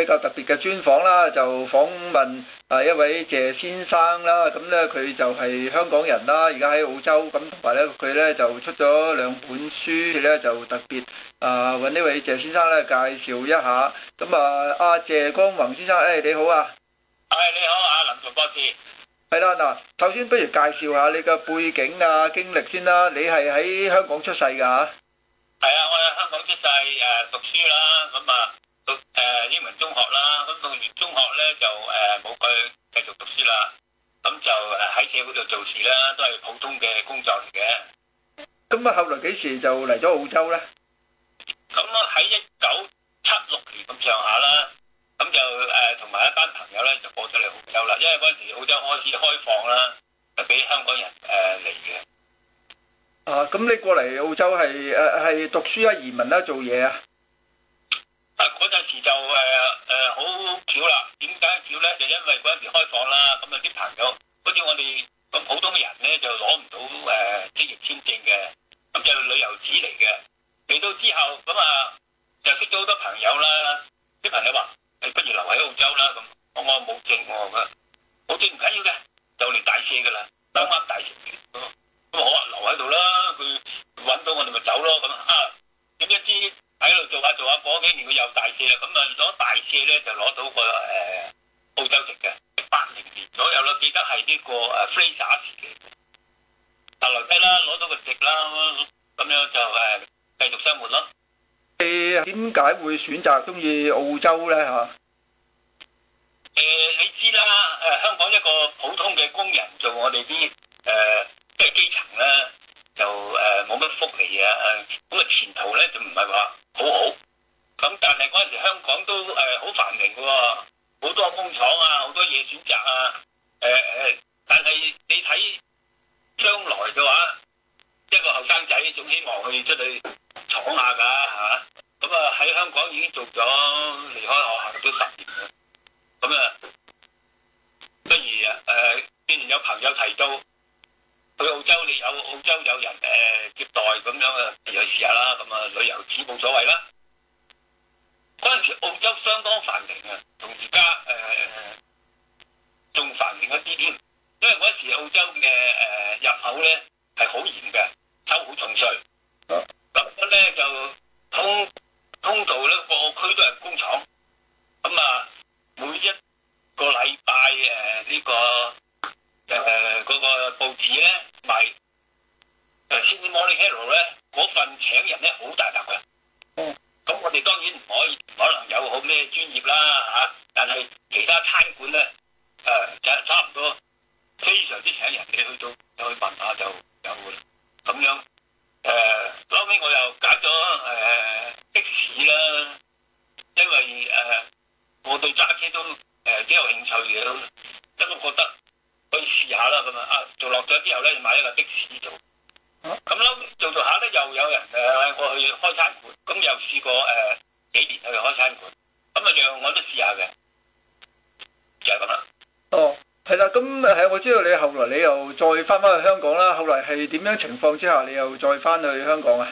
比較特別嘅專訪啦，就訪問啊一位謝先生啦。咁咧佢就係香港人啦，而家喺澳洲。咁同埋咧，佢咧就出咗兩本書咧，就特別啊揾呢位謝先生咧介紹一下。咁啊，阿謝光宏先生，誒、哎、你好啊。誒你好，啊，林博士。係啦，嗱，首先不如介紹下你嘅背景啊經歷先啦。你係喺香港出世㗎嚇？係啊，我喺香港出世誒，讀書啦咁啊。誒，英文中學啦，咁到完中學咧就誒冇去繼續讀書啦，咁就誒喺社會度做事啦，都係普通嘅工作嚟嘅。咁啊，後來幾時就嚟咗澳洲咧？咁啊，喺一九七六年咁上下啦，咁就誒同埋一班朋友咧就過咗嚟澳洲啦，因為嗰陣時澳洲開始開放啦，就俾香港人誒嚟嘅。啊，咁你過嚟澳洲係誒係讀書啊移民啊做嘢啊？啊！嗰陣時就誒誒好巧啦，點解巧咧？就因為嗰陣時開放啦，咁啊啲朋友，好似我哋咁普通嘅人咧，就攞唔到誒、啊、職業簽證嘅，咁就是、旅遊紙嚟嘅。嚟到之後咁啊，就識咗好多朋友啦。啲朋友話：你、欸、不如留喺澳洲啦。咁我冇證我、啊、噶，冇證唔緊要嘅，就嚟大赦噶啦，啱啱大赦。咁我、啊、留喺度啦，佢揾到我哋咪走咯。咁啊點一知？喺度做下做下，嗰幾年佢又大赦啦，咁啊攞大赦咧就攞到個誒、呃、澳洲籍嘅，八零年左右咯，記得係呢、這個 Fraser 時期，大樓梯啦，攞、啊、到個籍啦，咁樣就誒繼、呃、續生活咯。係啊？點解會選擇中意澳洲咧？吓？誒，你知啦，誒，香港一個普通嘅工人做我哋啲誒即係基層啦、啊，就誒冇乜福利啊，咁、那、啊、個、前途咧就唔係話。好好，咁但係嗰陣時香港都誒好繁榮嘅，好多工廠啊，好多嘢選擇啊，誒誒，但係你睇將來嘅話，一個後生仔仲希望佢出去闖下噶吓，咁啊喺香港已經做咗離開學校都十年咁啊不如誒既然有朋友提到。去澳洲你有澳洲有人誒、呃、接待咁樣啊，去試下啦，咁啊旅遊紙冇所謂啦。嗰陣時澳洲相當繁榮啊，同而家誒仲繁榮一啲添，因為嗰陣時澳洲嘅誒、呃、入口咧係好嚴嘅，收好重稅。嗯，咁咧就通通道咧個區都係工廠，咁、嗯、啊每一個禮拜誒呢個誒嗰、呃嗰個報紙咧。係，就係《Sydney Morning Herald》咧，份請人咧好大粒嘅，嗯，咁我哋當然唔可以，可能有好咩專業啦。咁樣情況之下，你又再翻去香港啊？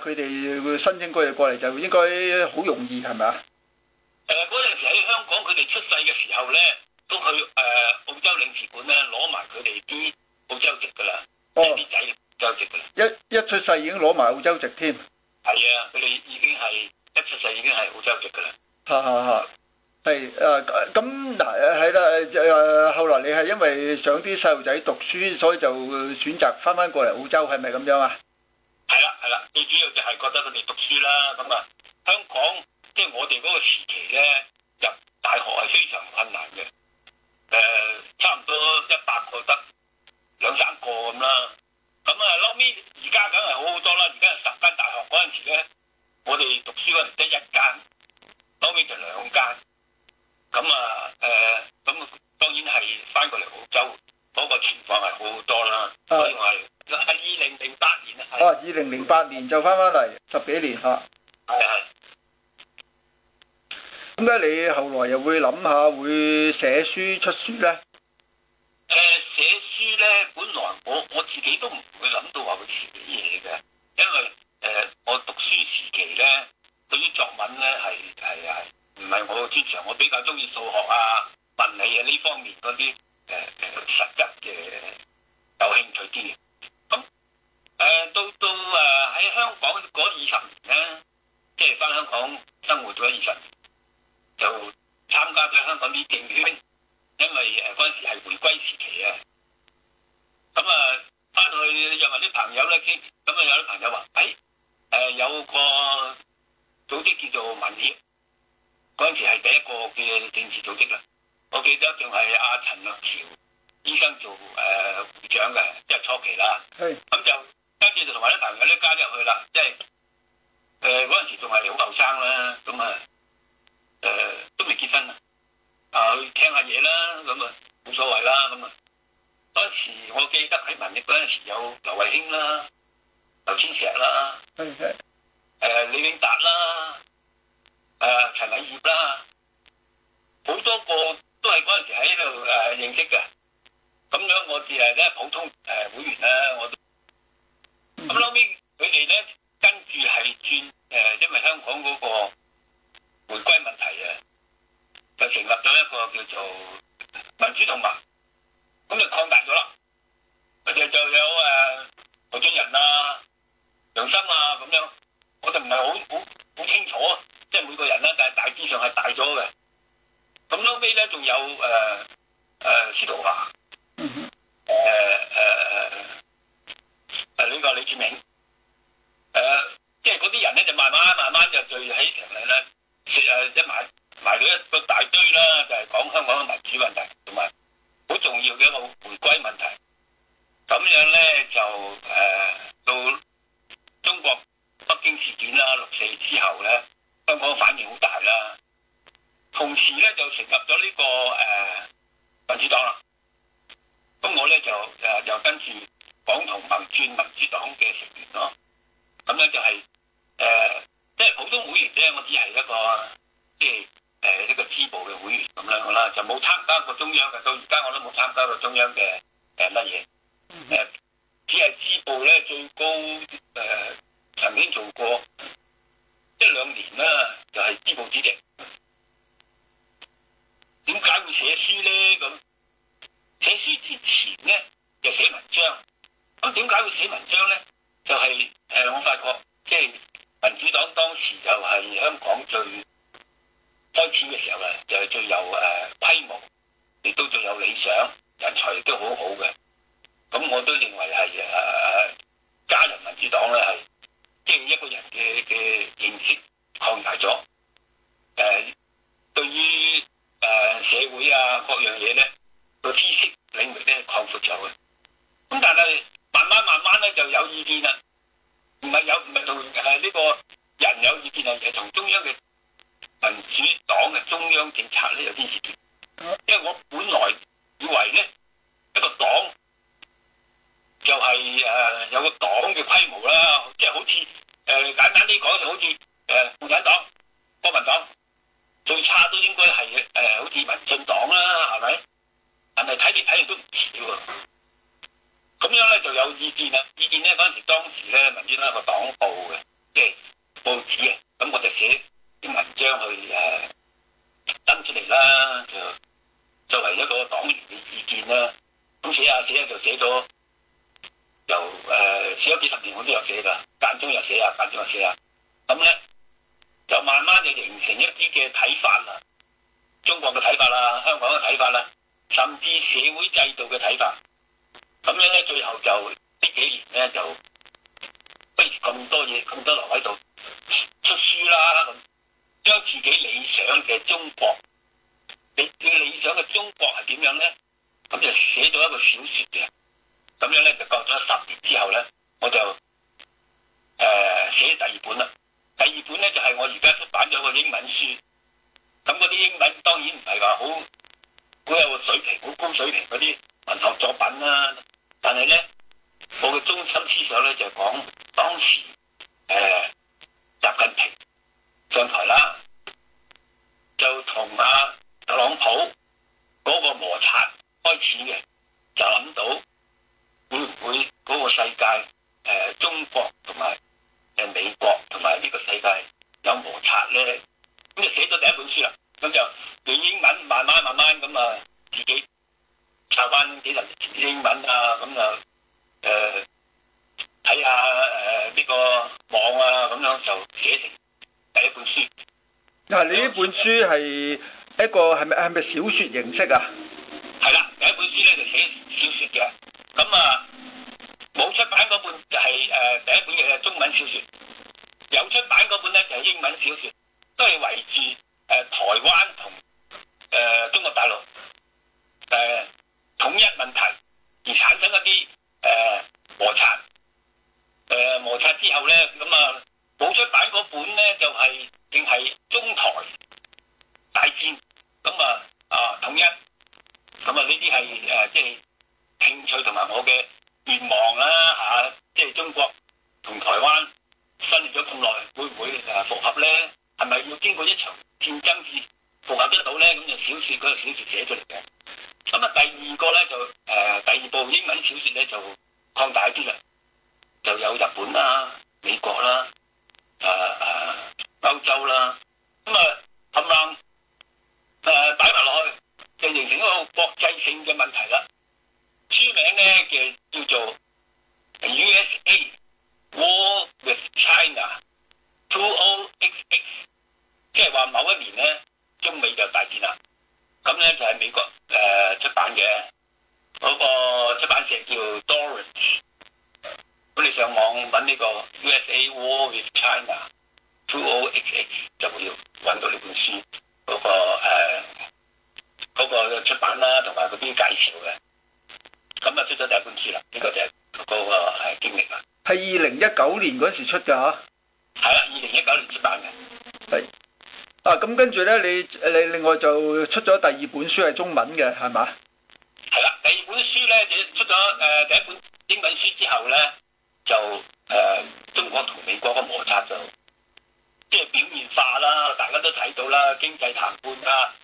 佢哋會申請過嚟，過嚟就應該好容易，係咪啊？誒，嗰陣時喺香港佢哋出世嘅時候咧，都去誒、呃、澳洲領事館咧，攞埋佢哋啲澳洲籍噶啦。哦，啲仔澳洲籍噶啦。一一出世已經攞埋澳洲籍添。係啊，佢哋已經係一出世已經係澳洲籍噶啦。嚇嚇嚇，係誒，咁嗱，喺啦，誒後嚟你係因為想啲細路仔讀書，所以就選擇翻翻過嚟澳洲，係咪咁樣啊？係誒、呃，好似民進黨啦，係咪？但係睇嚟睇去都唔似喎。咁樣咧就有意見啦。意見咧嗰陣時，當時咧民進黨有個黨報嘅，即係報紙啊。咁我就寫啲文章去誒登、啊、出嚟啦就。作為一個黨員嘅意見啦。咁寫下、啊、寫下、啊、就寫咗，由誒寫咗、呃、幾十年，我都有寫噶。間中又寫下、啊，間中又寫下、啊。咁咧、啊、就慢慢就形成一啲嘅睇法啦。中國嘅睇法啦，香港嘅睇法啦，甚至社會制度嘅睇法，咁樣咧，最後就呢幾年咧，就不如咁多嘢，咁多留喺度出書啦，咁將自己理想嘅中國，你你理想嘅中國係點樣咧？咁就寫咗一個小說嘅，咁樣咧就過咗十年之後咧，我就誒、呃、寫第二本啦，第二本咧就係、是、我而家出版咗個英文書。咁嗰啲英文當然唔係話好好有水平，好高水平嗰啲文學作品啦、啊，但係咧，我嘅中心思想咧就係、是、講當時誒，習、呃、近平上台啦，就同阿特朗普嗰個摩擦開始嘅，就諗到會唔會嗰個世界誒、呃，中國同埋誒美國同埋呢個世界有摩擦咧？寫咗第一本書啦，咁就用英文慢慢慢慢咁啊，自己查翻幾集英文啊，咁就誒睇下誒呢個網啊，咁樣就寫成第一本書。嗱，你呢本書係一個係咪係咪小說形式啊？係啦，第一本書咧就寫小說嘅，咁啊冇出版嗰本就係、是、誒、呃、第一本嘅中文小說，有出版嗰本咧就係、是、英文小說。都係圍住誒、呃、台灣同誒、呃、中國大陸誒、呃、統一問題而產生一啲誒摩擦，誒、呃、摩擦之後咧，咁、嗯、啊冇出版嗰本咧就係、是、淨係中台大戰，咁啊啊統一，咁啊呢啲係誒即係興趣同埋我嘅願望啦、啊、嚇，即、啊、係、就是、中國同台灣分裂咗咁耐，會唔會啊復合咧？係咪要經過一場戰爭先復合得到咧？咁就小説嗰個小説寫出嚟嘅。咁啊，第二個咧就誒、呃、第二部英文小説咧就擴大啲啦，就有日本啦、啊、美國啦、啊、啊啊歐洲啦。咁啊，咁樣誒擺埋落去就形成一個國際性嘅問題啦。書名咧就叫做《USA War with China 20xx》。即係話某一年咧，中美就大戰啦。咁咧就喺美國誒、呃、出版嘅，嗰、那個出版社叫 Doris 咁你上網搵呢個 U.S.A. War with China 200X 就會要搵到呢本書。嗰、那個誒，呃那個出版啦，同埋嗰啲介紹嘅。咁啊出咗第一本書啦。呢、那個就係嗰個誒經歷啦。係二零一九年嗰時出噶吓。咁、啊、跟住咧，你誒你另外就出咗第二本書係中文嘅，係嘛？係啦，第二本書咧，你出咗誒、呃、第一本英文書之後咧，就誒、呃、中國同美國嘅摩擦就即係表面化啦，大家都睇到啦，經濟談判啦。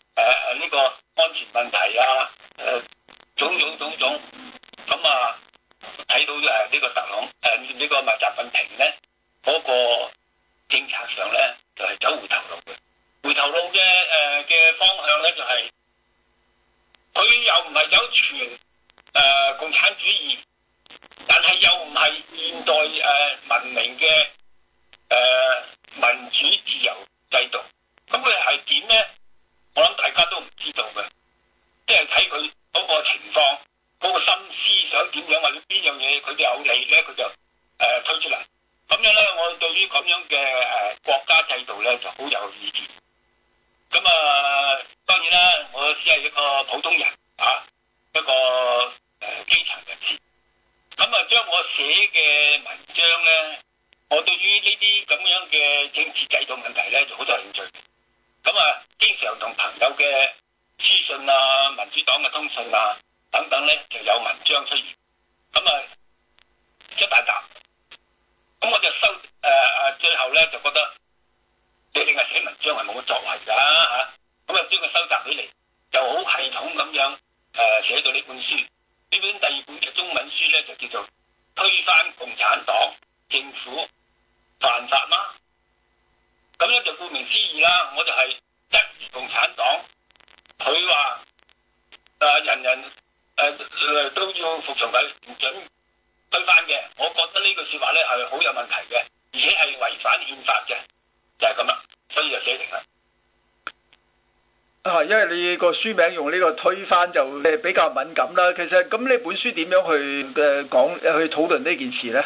用呢個推翻就比較敏感啦。其實咁呢本書點樣去嘅講去討論呢件事咧？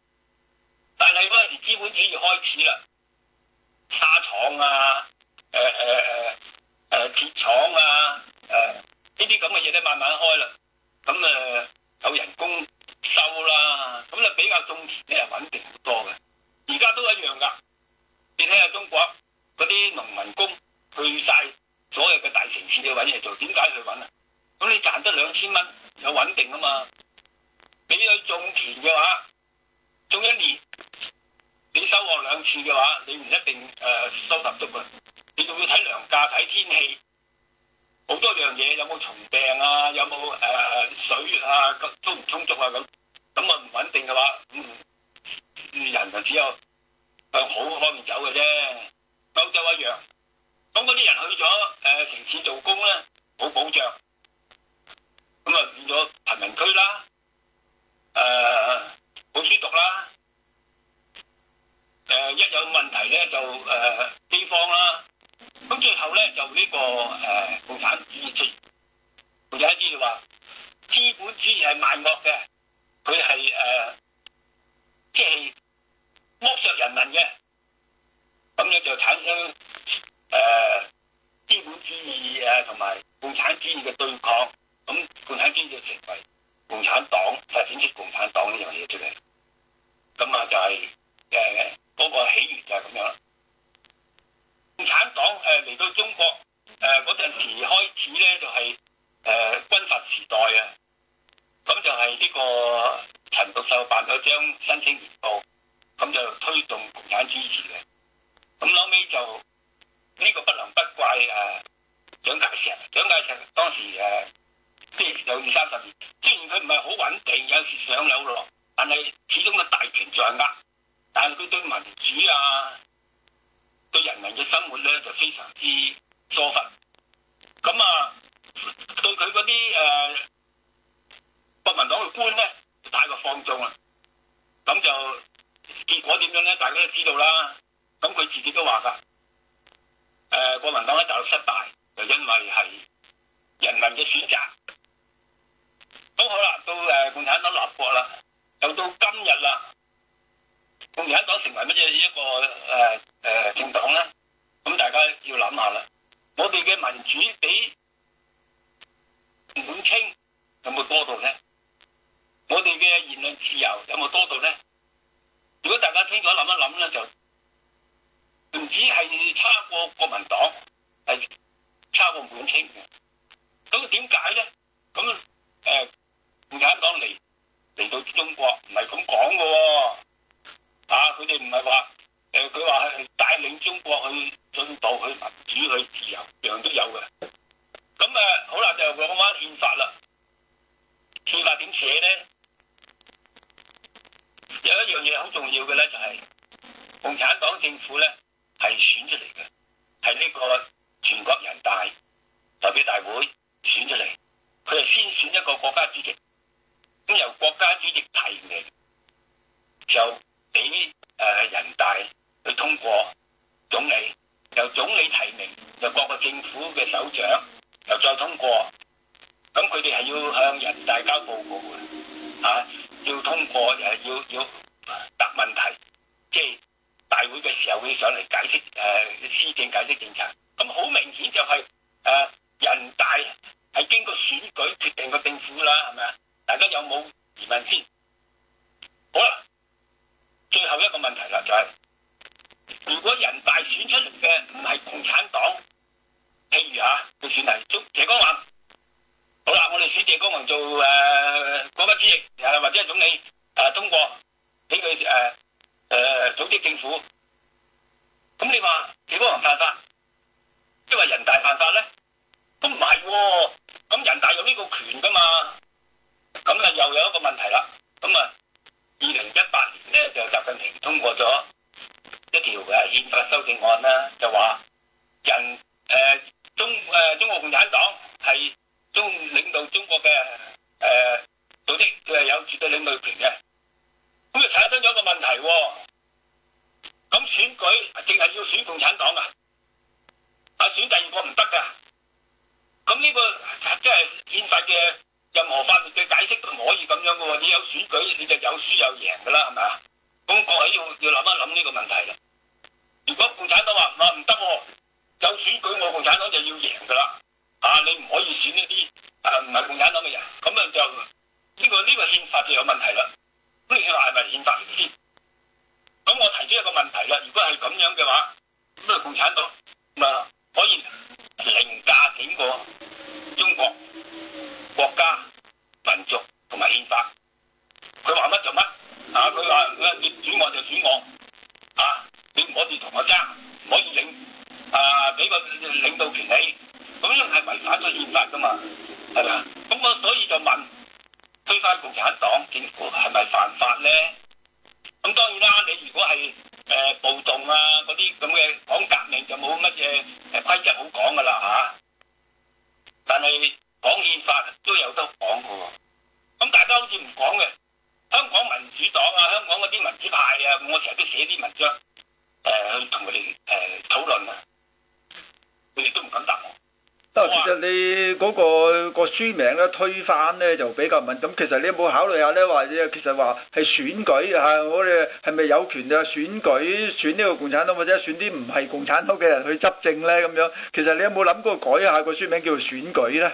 咧就比較敏感，其實你有冇考慮下呢？或者其實話係選舉啊，我哋係咪有權嘅選舉選呢個共產黨，或者選啲唔係共產黨嘅人去執政呢？咁樣其實你有冇諗過改一下個書名叫做選舉呢？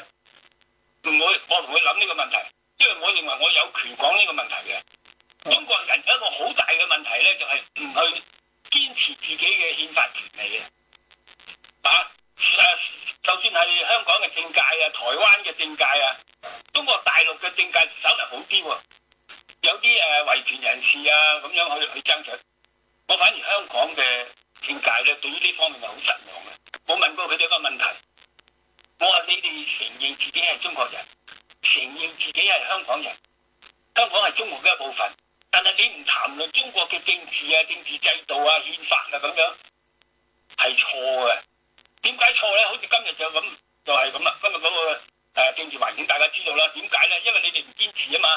好啲有啲誒維權人士啊，咁樣去去爭取。我反而香港嘅政界咧，對於呢方面係好失望嘅。我問過佢哋一個問題，我話你哋承認自己係中國人，承認自己係香港人，香港係中國嘅一部分，但係你唔談論中國嘅政治啊、政治制度啊、憲法啊咁樣，係錯嘅。點解錯咧？好似今日就咁，就係咁啦。今日嗰個。誒政治環境大家知道啦，點解咧？因為你哋唔堅持啊嘛，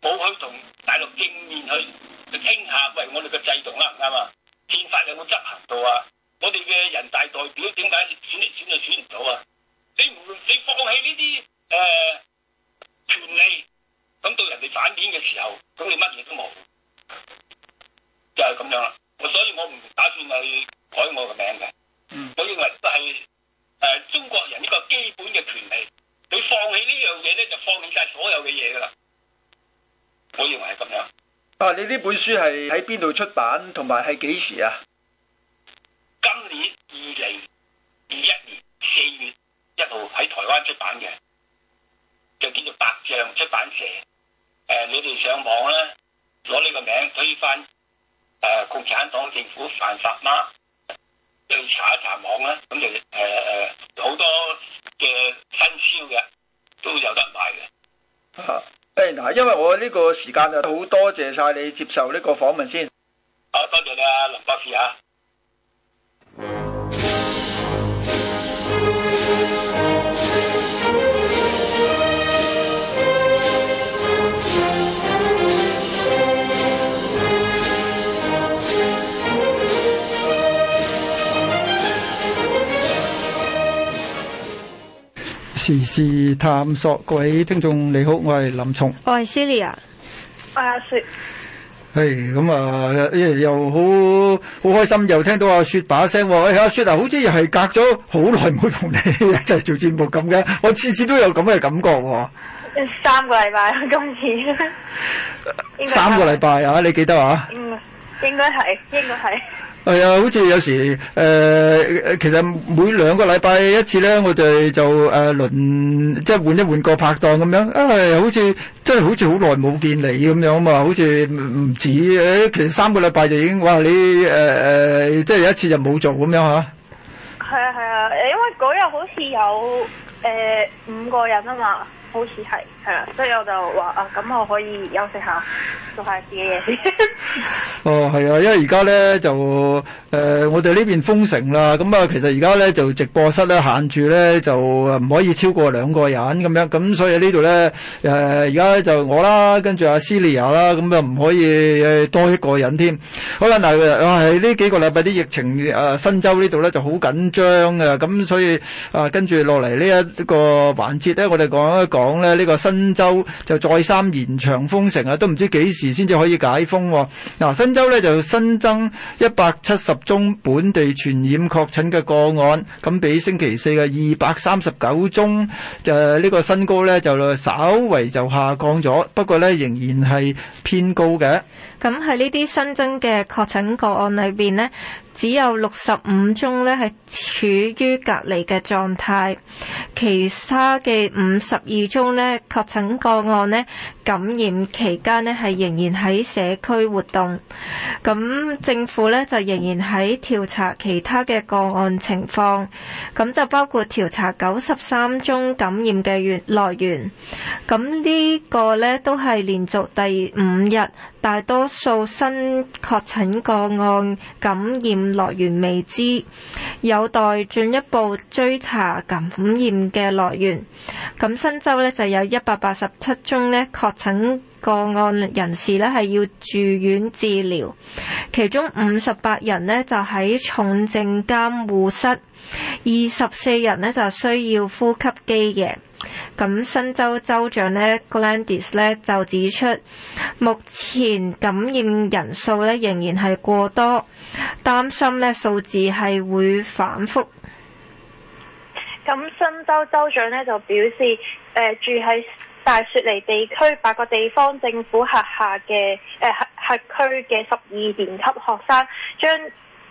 冇去同大陸正面去去傾下，喂我哋嘅制度啦，啱嘛？憲法有冇執行到啊？我哋嘅人大代表點解選嚟選去選唔到啊？你唔你放棄呢啲誒權利，咁到人哋反面嘅時候，咁你乜嘢都冇，就係咁樣啦。所以我唔打算去改我個名嘅。嗯，我認為都係誒中國人呢個基本嘅權利。佢放棄呢樣嘢咧，就放棄晒所有嘅嘢噶啦。我認為係咁樣。啊，你呢本書係喺邊度出版，同埋係幾時啊？今年二零二一年四月一號喺台灣出版嘅，就叫做《白象出版社》呃。誒，你哋上網咧，攞呢個名推翻誒、呃、共產黨政府犯法嘛？去查一查網啦。咁就誒誒好多，嘅新鮮嘅都有得買嘅，啊，誒，嗱，因為我呢個時間啊，好多謝晒你接受呢個訪問先，好、啊、多謝你啊，林博士啊。時事探索，各位聽眾你好，我係林松，我係 Silia，我係阿雪，係咁啊，又好好開心又聽到阿雪把聲，喂，阿雪啊，好似又係隔咗好耐冇同你一齊做節目咁嘅，我次次都有咁嘅感覺喎，三個禮拜今次，三個禮拜啊，你記得啊？嗯，應該係，應該係。係啊，好似有時、呃、其實每兩個禮拜一次咧，我哋就、呃、輪，即係換一換個拍檔咁樣,、哎樣,呃、樣。啊，好似即係好似好耐冇見你咁樣啊嘛，好似唔止其實三個禮拜就已經哇你誒即係有一次就冇做咁樣嚇。係啊係啊，因為嗰日好似有、呃、五個人啊嘛。好似係係啦，所以我就話啊，咁我可以休息下，做下自己嘢。 哦，係啊，因為而家咧就誒、呃，我哋呢邊封城啦，咁啊，其實而家咧就直播室咧限住咧就唔可以超過兩個人咁樣，咁所以呢度咧誒，而、呃、家就我啦，跟住阿 Celia 啦，咁啊唔可以多一個人添。好啦，嗱、呃，喺呢幾個禮拜啲疫情誒、呃，新州呢度咧就好緊張嘅，咁所以啊、呃，跟住落嚟呢一個環節咧，我哋講一講。講咧呢個新州就再三延長封城啊，都唔知幾時先至可以解封，哦。嗱、啊，新州呢就新增一百七十宗本地傳染確診嘅個案，咁比星期四嘅二百三十九宗就呢、這個新高呢就稍微就下降咗，不過呢仍然係偏高嘅。咁喺呢啲新增嘅確診個案裏邊呢，只有六十五宗呢係處於隔離嘅狀態，其他嘅五十二。其中咧，確診個案咧感染期間咧係仍然喺社區活動，咁政府咧就仍然喺調查其他嘅個案情況，咁就包括調查九十三宗感染嘅來源，咁呢個咧都係連續第五日。大多數新確診個案感染來源未知，有待進一步追查感染嘅來源。咁新州呢，就有一百八十七宗呢確診個案人士呢係要住院治療，其中五十八人呢，就喺重症監護室，二十四人呢，就需要呼吸機嘅。咁新州州長呢 Gladys 呢就指出，目前感染人數呢仍然係過多，擔心呢數字係會反覆。咁新州州長呢就表示，呃、住喺大雪梨地區八個地方政府轄下嘅轄轄區嘅十二年級學生將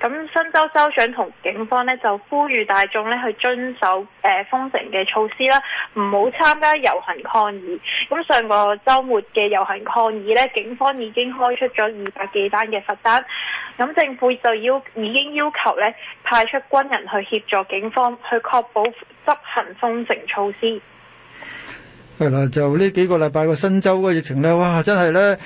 咁新州州長同警方咧就呼籲大眾咧去遵守誒、呃、封城嘅措施啦，唔好參加遊行抗議。咁上個週末嘅遊行抗議咧，警方已經開出咗二百幾單嘅罰單。咁政府就要已經要求咧派出軍人去協助警方去確保執行封城措施。係啦，就呢幾個禮拜個新州個疫情咧，哇！真係咧，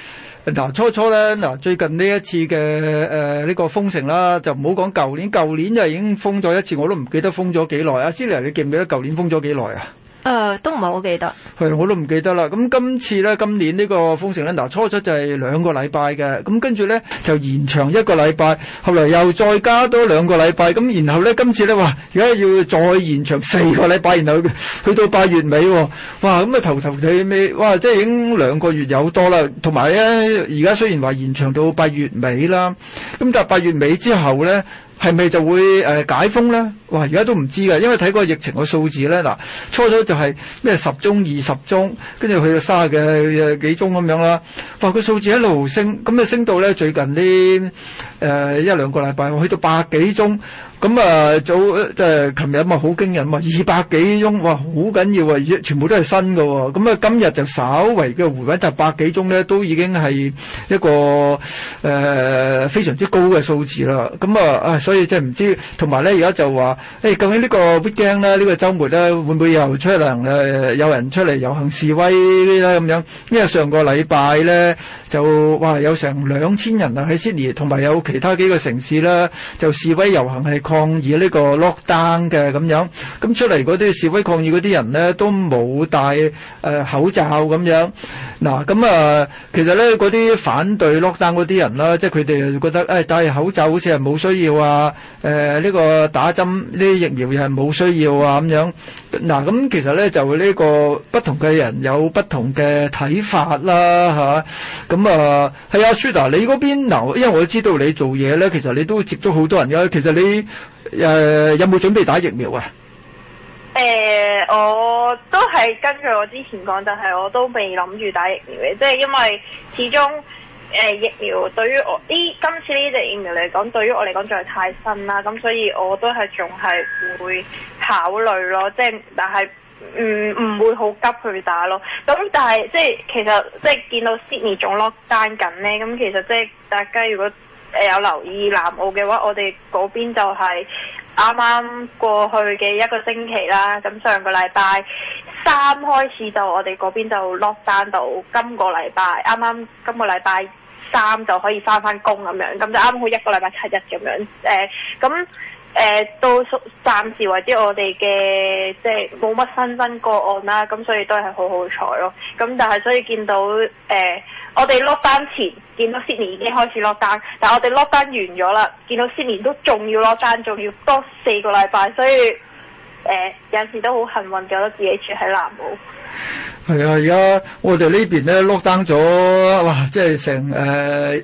嗱、啊、初初咧，嗱、啊、最近呢一次嘅誒呢個封城啦，就唔好講舊年，舊年就已經封咗一次，我都唔記得封咗幾耐。阿 Sir，你記唔記得舊年封咗幾耐啊？誒、呃，都唔係好記得。係，我都唔記得啦。咁今次咧，今年呢個封城咧，嗱，初初就係兩個禮拜嘅，咁跟住咧就延長一個禮拜，後來又再加多兩個禮拜，咁然後咧今次咧話，而家要再延長四個禮拜，然後去到八月尾喎。哇，咁啊頭頭尾尾，哇，即係已經兩個月有多啦。同埋咧，而家雖然話延長到八月尾啦，咁但係八月尾之後咧。係咪就會誒解封咧？哇！而家都唔知㗎，因為睇嗰個疫情個數字咧。嗱，初初就係咩十宗二十宗，跟住去到卅幾宗咁樣啦。哇！個數字一路升，咁啊升到咧最近呢、呃，一兩個禮拜去到百幾宗。咁啊早即係琴日嘛，好驚人嘛，二百幾宗，哇！好緊要啊！全部都係新嘅喎，咁啊今日就稍微嘅回穩，但係百幾宗咧都已經係一個誒、呃、非常之高嘅數字啦。咁啊啊，所以即係唔知同埋咧，而家就話誒究竟呢個 weekend 咧？呢、呢個周末咧會唔會又出嚟誒、呃、有人出嚟遊行示威啲咧咁樣？因為上個禮拜咧就哇有成兩千人啊喺 Sydney 同埋有其他幾個城市咧就示威遊行係，抗議呢個 lockdown 嘅咁樣，咁出嚟嗰啲示威抗議嗰啲人咧都冇戴誒、呃、口罩咁樣。嗱，咁、呃、啊，其實咧嗰啲反對 lockdown 嗰啲人啦，即係佢哋覺得誒戴口罩好似係冇需要啊，誒、呃、呢、呢個打針呢疫苗又係冇需要啊咁樣。嗱、呃，咁其實咧就呢個不同嘅人有不同嘅睇法啦，吓，咁啊，係阿雪嗱，哎、Shutter，你嗰邊嗱，因為我知道你做嘢咧，其實你都接觸好多人嘅，其實你。誒、啊，有冇準備打疫苗啊？誒、欸，我都係根據我之前講，但、就、係、是，我都未諗住打疫苗嘅。即係因為始終誒、欸、疫苗對於我呢，今次呢隻疫苗嚟講，對於我嚟講仲係太新啦，咁所以我都係仲係會考慮咯，即、就、係、是、但係唔唔會好急去打咯。咁但係即係其實即係見到 Sydney 仲 lock down 緊咧，咁其實即係大家如果，誒、呃、有留意南澳嘅話，我哋嗰邊就係啱啱過去嘅一個星期啦。咁上個禮拜三開始就我哋嗰邊就 lock down 到，今個禮拜啱啱今個禮拜三就可以翻返工咁樣，咁就啱好一個禮拜七日咁樣誒咁。呃誒、呃、都暫時或者我哋嘅即係冇乜新增個案啦，咁所以都係好好彩咯。咁但係所以見到誒、呃，我哋 lockdown 前見到 Sydney 已經開始 lockdown，但係我哋 lockdown 完咗啦，見到 Sydney 都仲要 lockdown，仲要多四個禮拜，所以誒、呃、有時都好幸運，覺得自己住喺南澳。係啊，而家我哋呢邊咧 lockdown 咗哇，即係成誒。呃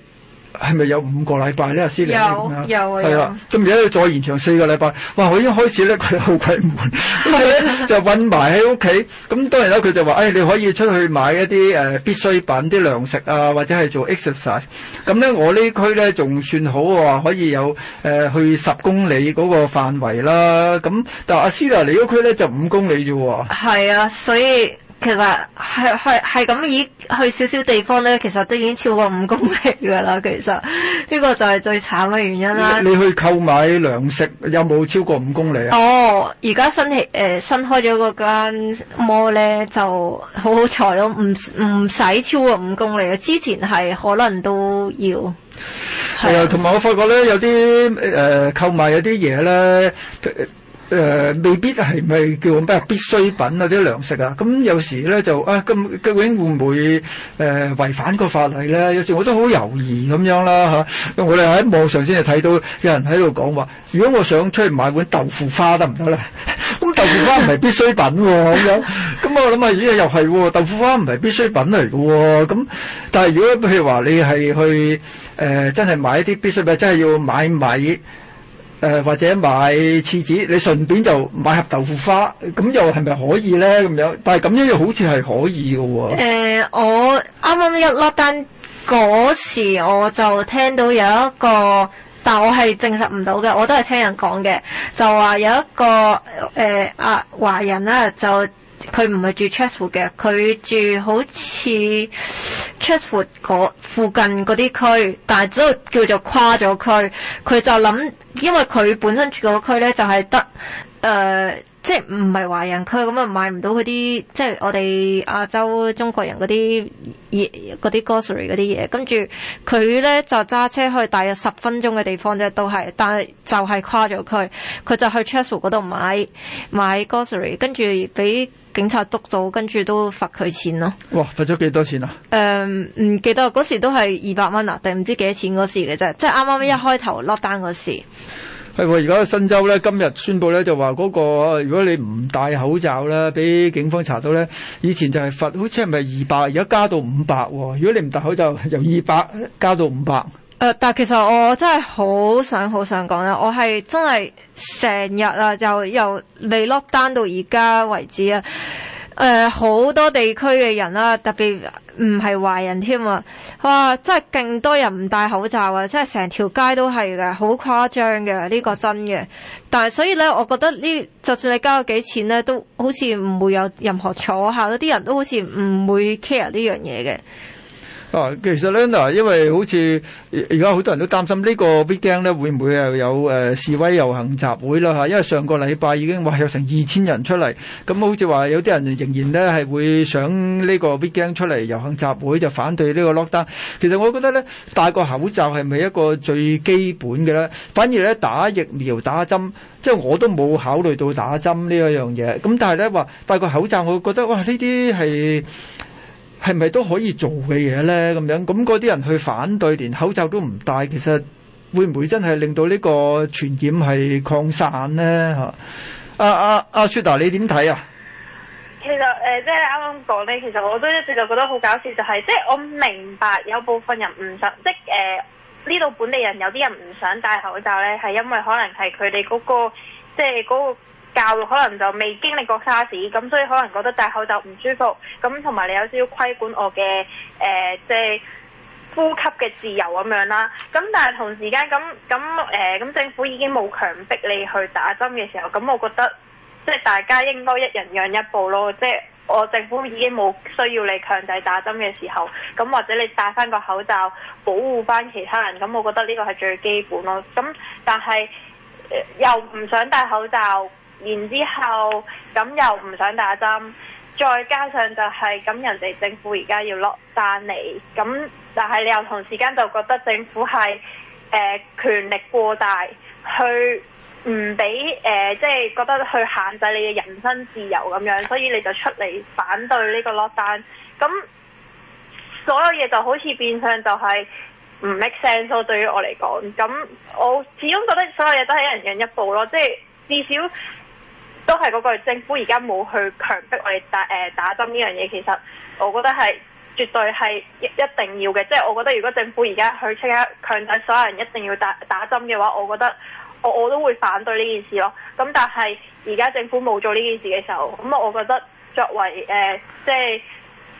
係咪有五個禮拜咧？阿斯達有有啊有。係啊，咁而家再延長四個禮拜。哇，我已經開始咧，佢好鬼悶，咁 咧是、啊、 就韞埋喺屋企。咁當然啦，佢就話，誒，你可以出去買一啲誒、呃、必需品、啲糧食啊，或者係做 exercise。咁咧，我呢區咧仲算好啊，可以有誒、呃、去十公里嗰個範圍啦。咁但係阿斯達你嗰區咧就五公里啫、啊。係啊，所以。其實係係係咁已去少少地方咧，其實都已經超過五公里噶啦。其實呢、呢個就係最慘嘅原因啦。你去購買糧食有冇超過五公里啊？哦，而家新起誒、呃、新開咗嗰間摩咧就好好彩咯，唔唔使超過五公里啊。之前係可能都要係、嗯、啊。同埋我發覺咧，有啲誒購買有啲嘢咧。呃誒、呃、未必係咪叫咩必需品啊啲糧食啊？咁有時咧就啊，咁究竟會唔會誒、呃、違反個法例咧？有時我都好猶豫咁樣啦、啊、嚇。啊、我哋喺網上先至睇到有人喺度講話，如果我想出去買碗豆腐花得唔得咧？咁豆腐花唔係必需品喎、啊、咁樣。咁我諗下，呢、哎、個又係喎、啊，豆腐花唔係必需品嚟嘅喎。咁但係如果譬如話你係去誒、呃、真係買一啲必需品，真係要買米。誒、呃、或者買廁紙，你順便就買盒豆腐花，咁又係咪可以咧？咁樣，但係咁樣又好似係可以㗎喎、啊呃。我啱啱一落單嗰時，我就聽到有一個，但我係證實唔到嘅，我都係聽人講嘅，就話有一個誒、呃、啊華人啦、啊，就佢唔係住 Chatswood 嘅，佢住好似 Chatswood 附近嗰啲區，但係都叫做跨咗區，佢就諗。因為佢本身住嗰區咧，就係得誒。即係唔係華人區咁啊，買唔到佢啲即係我哋亞洲中國人嗰啲嗰啲 grocery 嗰啲嘢。跟住佢咧就揸車去大約十分鐘嘅地方啫，都係，但係就係跨咗區，佢就去 Cheshire 嗰度買買 grocery，跟住俾警察捉咗，跟住都罰佢錢咯。哇！罰咗幾多錢啊？誒、um，唔記得啦，嗰時都係二百蚊啊，定唔知幾多錢嗰時嘅啫，即係啱啱一開頭落單嗰時。嗯不過，而家新州咧，今日宣布咧，就話嗰個如果你唔戴口罩咧，俾警方查到咧，以前就係罰，好似係咪二百，而家加到五百喎。如果你唔戴口罩，由二百加到五百。誒、呃，但係其實我真係好想、好想講咧，我係真係成日啊，就由未 lockdown 到而家為止啊。誒、呃、好多地區嘅人啦，特別唔係壞人添啊！哇，真係勁多人唔戴口罩啊！即係成條街都係嘅，好誇張嘅呢、呢個真嘅。但係所以咧，我覺得呢，就算你交咗幾錢咧，都好似唔會有任何成效。啲人都好似唔會 care 呢樣嘢嘅。啊，其實咧嗱，因為好似而家好多人都擔心呢個 weekend 咧，會唔會又有誒示威遊行集會啦嚇？因為上個禮拜已經話有成二千人出嚟，咁好似話有啲人仍然咧係會想呢個 weekend 出嚟遊行集會，就反對呢個 lockdown。其實我覺得呢，戴個口罩係咪一個最基本嘅咧？反而咧打疫苗打針，即係我都冇考慮到打針這東西呢一樣嘢。咁但係咧話戴個口罩，我覺得哇，呢啲係。係咪都可以做嘅嘢呢？咁樣咁嗰啲人去反對，連口罩都唔戴，其實會唔會真係令到呢個傳染係擴散呢？嚇、啊！阿阿阿雪啊，啊、Shutter，你點睇啊？其實誒，即係啱啱講呢，其實我都一直就覺得好搞笑，就係即係我明白有部分人唔想，即係誒呢度本地人有啲人唔想戴口罩呢，係因為可能係佢哋嗰個即係嗰。嗰個教育可能就未經歷過沙士，咁所以可能覺得戴口罩唔舒服，咁同埋你有少少規管我嘅誒，即、呃、係、就是、呼吸嘅自由咁樣啦。咁但係同時間咁咁誒，咁、呃、政府已經冇強迫你去打針嘅時候，咁我覺得即係、就是、大家應該一人讓一步咯。即、就、係、是、我政府已經冇需要你強制打針嘅時候，咁或者你戴翻個口罩保護翻其他人，咁我覺得呢個係最基本咯。咁但係、呃、又唔想戴口罩。然之後咁又唔想打針，再加上就係、是、咁人哋政府而家要落單你。咁但係你又同時間就覺得政府係誒、呃、權力過大，去唔俾誒即係覺得去限制你嘅人身自由咁樣，所以你就出嚟反對呢個落單，咁所有嘢就好似變相就係唔 make sense 咯。對於我嚟講，咁我始終覺得所有嘢都係一人人一步咯，即係至少。都係嗰句政府而家冇去強迫我哋打誒、呃、打針呢樣嘢，其實我覺得係絕對係一一定要嘅。即係我覺得，如果政府而家去即刻強制所有人一定要打打針嘅話，我覺得我我都會反對呢件事咯。咁但係而家政府冇做呢件事嘅時候，咁啊，我覺得作為、呃、即係。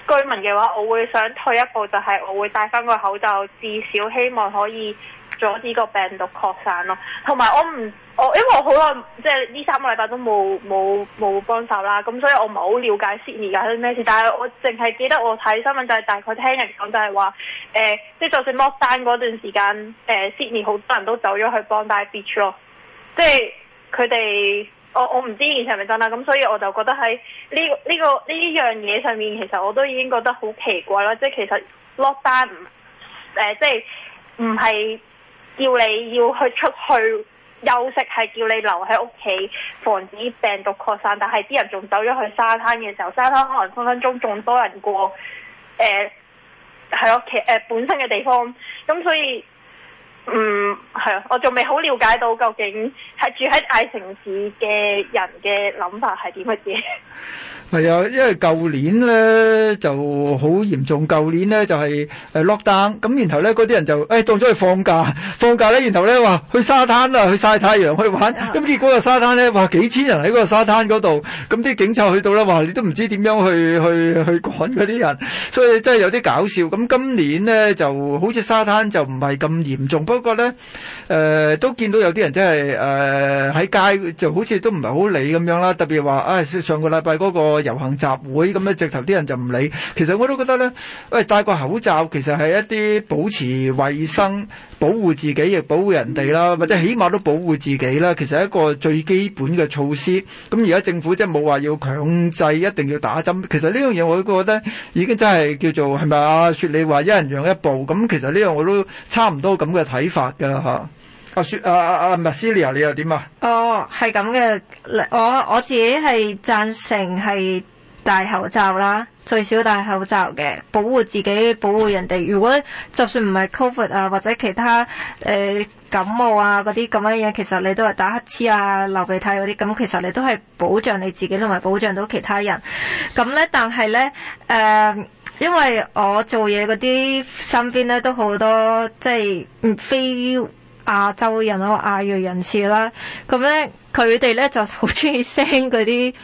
居民嘅話，我會想退一步，就係、是、我會戴翻個口罩，至少希望可以阻止個病毒擴散咯。同埋我唔，我因為我好耐，即係呢三個禮拜都冇冇冇幫手啦。咁所以我唔係好了解 Sydney 而家啲咩事，但係我淨係記得我睇新聞就係、是、大概聽人講就係、是、話，誒、呃，即係就算 lockdown 嗰段時間，誒 Sydney 好多人都走咗去 Bondi Beach 咯，即係佢哋。我我唔知現場係咪真啦？咁所以我就覺得喺呢呢個呢樣嘢上面，其實我都已經覺得好奇怪啦。即係其實 lock down 唔、呃、誒即係唔係叫你要去出去休息，係叫你留喺屋企防止病毒擴散。但係啲人仲走咗去沙灘嘅時候，沙灘可能分分鐘仲多人過誒係咯，其、呃、誒、呃、本身嘅地方。咁所以。嗯，係啊，我仲未好瞭解到究竟係住喺大城市嘅人嘅諗法係點乜嘢？係啊，因為舊年咧就好嚴重，舊年咧就係誒 lock down，咁然後咧嗰啲人就誒當咗去放假，放假咧，然後咧話去沙灘啦，去曬太陽，去玩，咁結果個沙灘咧話幾千人喺個沙灘嗰度，咁啲警察去到咧話你都唔知點樣去去去趕嗰啲人，所以真係有啲搞笑。咁今年咧就好似沙灘就唔係咁嚴重，噃。不過咧，誒、呃、都見到有啲人真係誒喺街就好似都唔係好理咁樣啦。特別話啊，上個禮拜個遊行集會咁咧，樣直頭啲人就唔理。其實我都覺得咧，喂、哎、戴個口罩其實係一啲保持衛生、保護自己亦保護人哋啦，或者起碼都保護自己啦。其實係一個最基本嘅措施。咁而家政府即係冇話要強制一定要打針，其實呢樣嘢我都覺得已經真係叫做係咪啊？雪，你話一人讓一步咁，其實呢樣我都差唔多咁嘅睇。法噶啦嚇，阿雪阿阿阿唔係 Massilia 你又點啊？哦，係咁嘅，我我自己係贊成係戴口罩啦，最少戴口罩嘅，保護自己，保護人哋。如果就算唔係 Covid 啊，或者其他誒、呃、感冒啊嗰啲咁樣嘢，其實你都係打乞嗤啊、流鼻涕嗰啲，咁、嗯、其實你都係保障你自己同埋保障到其他人。咁咧，但係咧，誒、呃。因為我做嘢嗰啲身邊咧都好多即係非亞洲人，咯亞裔人士啦，咁咧佢哋咧就好中意 send 嗰啲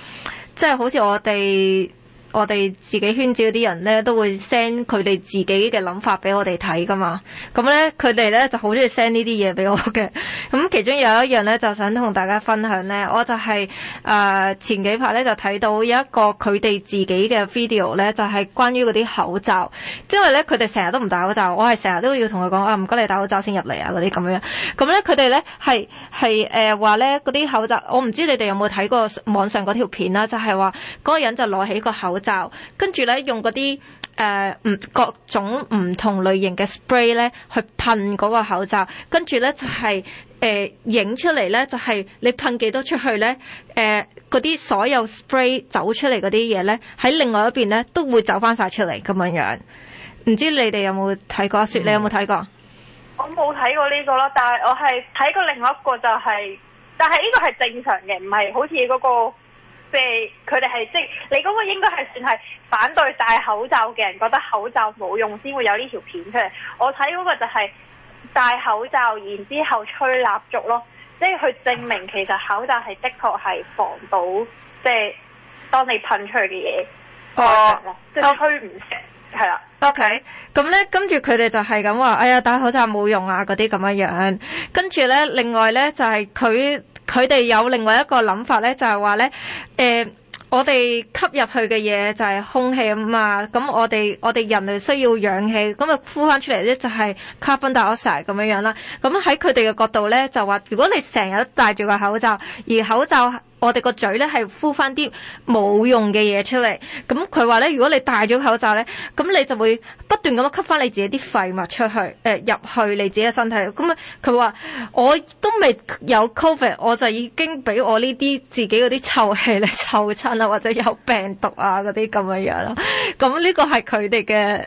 即係好似我哋。我哋自己圈子啲人咧，都會 send 佢哋自己嘅諗法俾我哋睇噶嘛。咁咧，佢哋咧就好中意 send 呢啲嘢俾我嘅。咁其中有一樣咧，就想同大家分享咧，我就係誒前幾排咧就睇到有一個佢哋自己嘅 video 咧，就係關於嗰啲口罩。因為咧，佢哋成日都唔戴口罩，我係成日都要同佢講啊，唔該你戴口罩先入嚟啊嗰啲咁樣。咁咧，佢哋咧係係誒話咧嗰啲口罩，我唔知你哋有冇睇過網上嗰條片啦，就係話個人就攞起個口罩。罩跟住咧用嗰啲誒唔各種唔同類型嘅 spray 咧去噴嗰個口罩，跟住咧就係誒影出嚟咧就係、是、你噴幾多出去咧誒嗰啲所有 spray 走出嚟嗰啲嘢咧喺另外一邊咧都會走翻晒出嚟咁樣樣。唔知你哋有冇睇過？雪你有冇睇過？嗯、我冇睇過呢、這個咯，但係我係睇過另外一個就係、是，但係呢個係正常嘅，唔係好似嗰、那個。他們是即係佢哋係即係你嗰個應該係算係反對戴口罩嘅人覺得口罩冇用先會有呢條片出嚟。我睇嗰個就係戴口罩然之後吹蠟燭咯，即係去證明其實口罩係的確係防到即係當你噴出去嘅嘢。哦，即、就、係、是、吹唔成。係、哦、啦。OK，咁咧跟住佢哋就係咁話，哎呀戴口罩冇用啊嗰啲咁樣樣。跟住咧另外咧就係、是、佢。佢哋有另外一個諗法咧，就係話咧，誒、呃，我哋吸入去嘅嘢就係空氣啊嘛，咁我哋我哋人類需要氧氣，咁啊，呼翻出嚟咧就係 carbon dioxide 咁樣樣啦。咁喺佢哋嘅角度咧，就話如果你成日戴住個口罩，而口罩，我哋個嘴咧係呼翻啲冇用嘅嘢出嚟，咁佢話咧，如果你戴咗口罩咧，咁你就會不斷咁吸翻你自己啲廢物出去，誒、呃、入去你自己嘅身體。咁啊，佢話，我都未有 Covid，我就已經俾我呢啲自己嗰啲臭氣嚟臭親啦，或者有病毒啊嗰啲咁嘅嘢啦。咁呢個係佢哋嘅誒，係、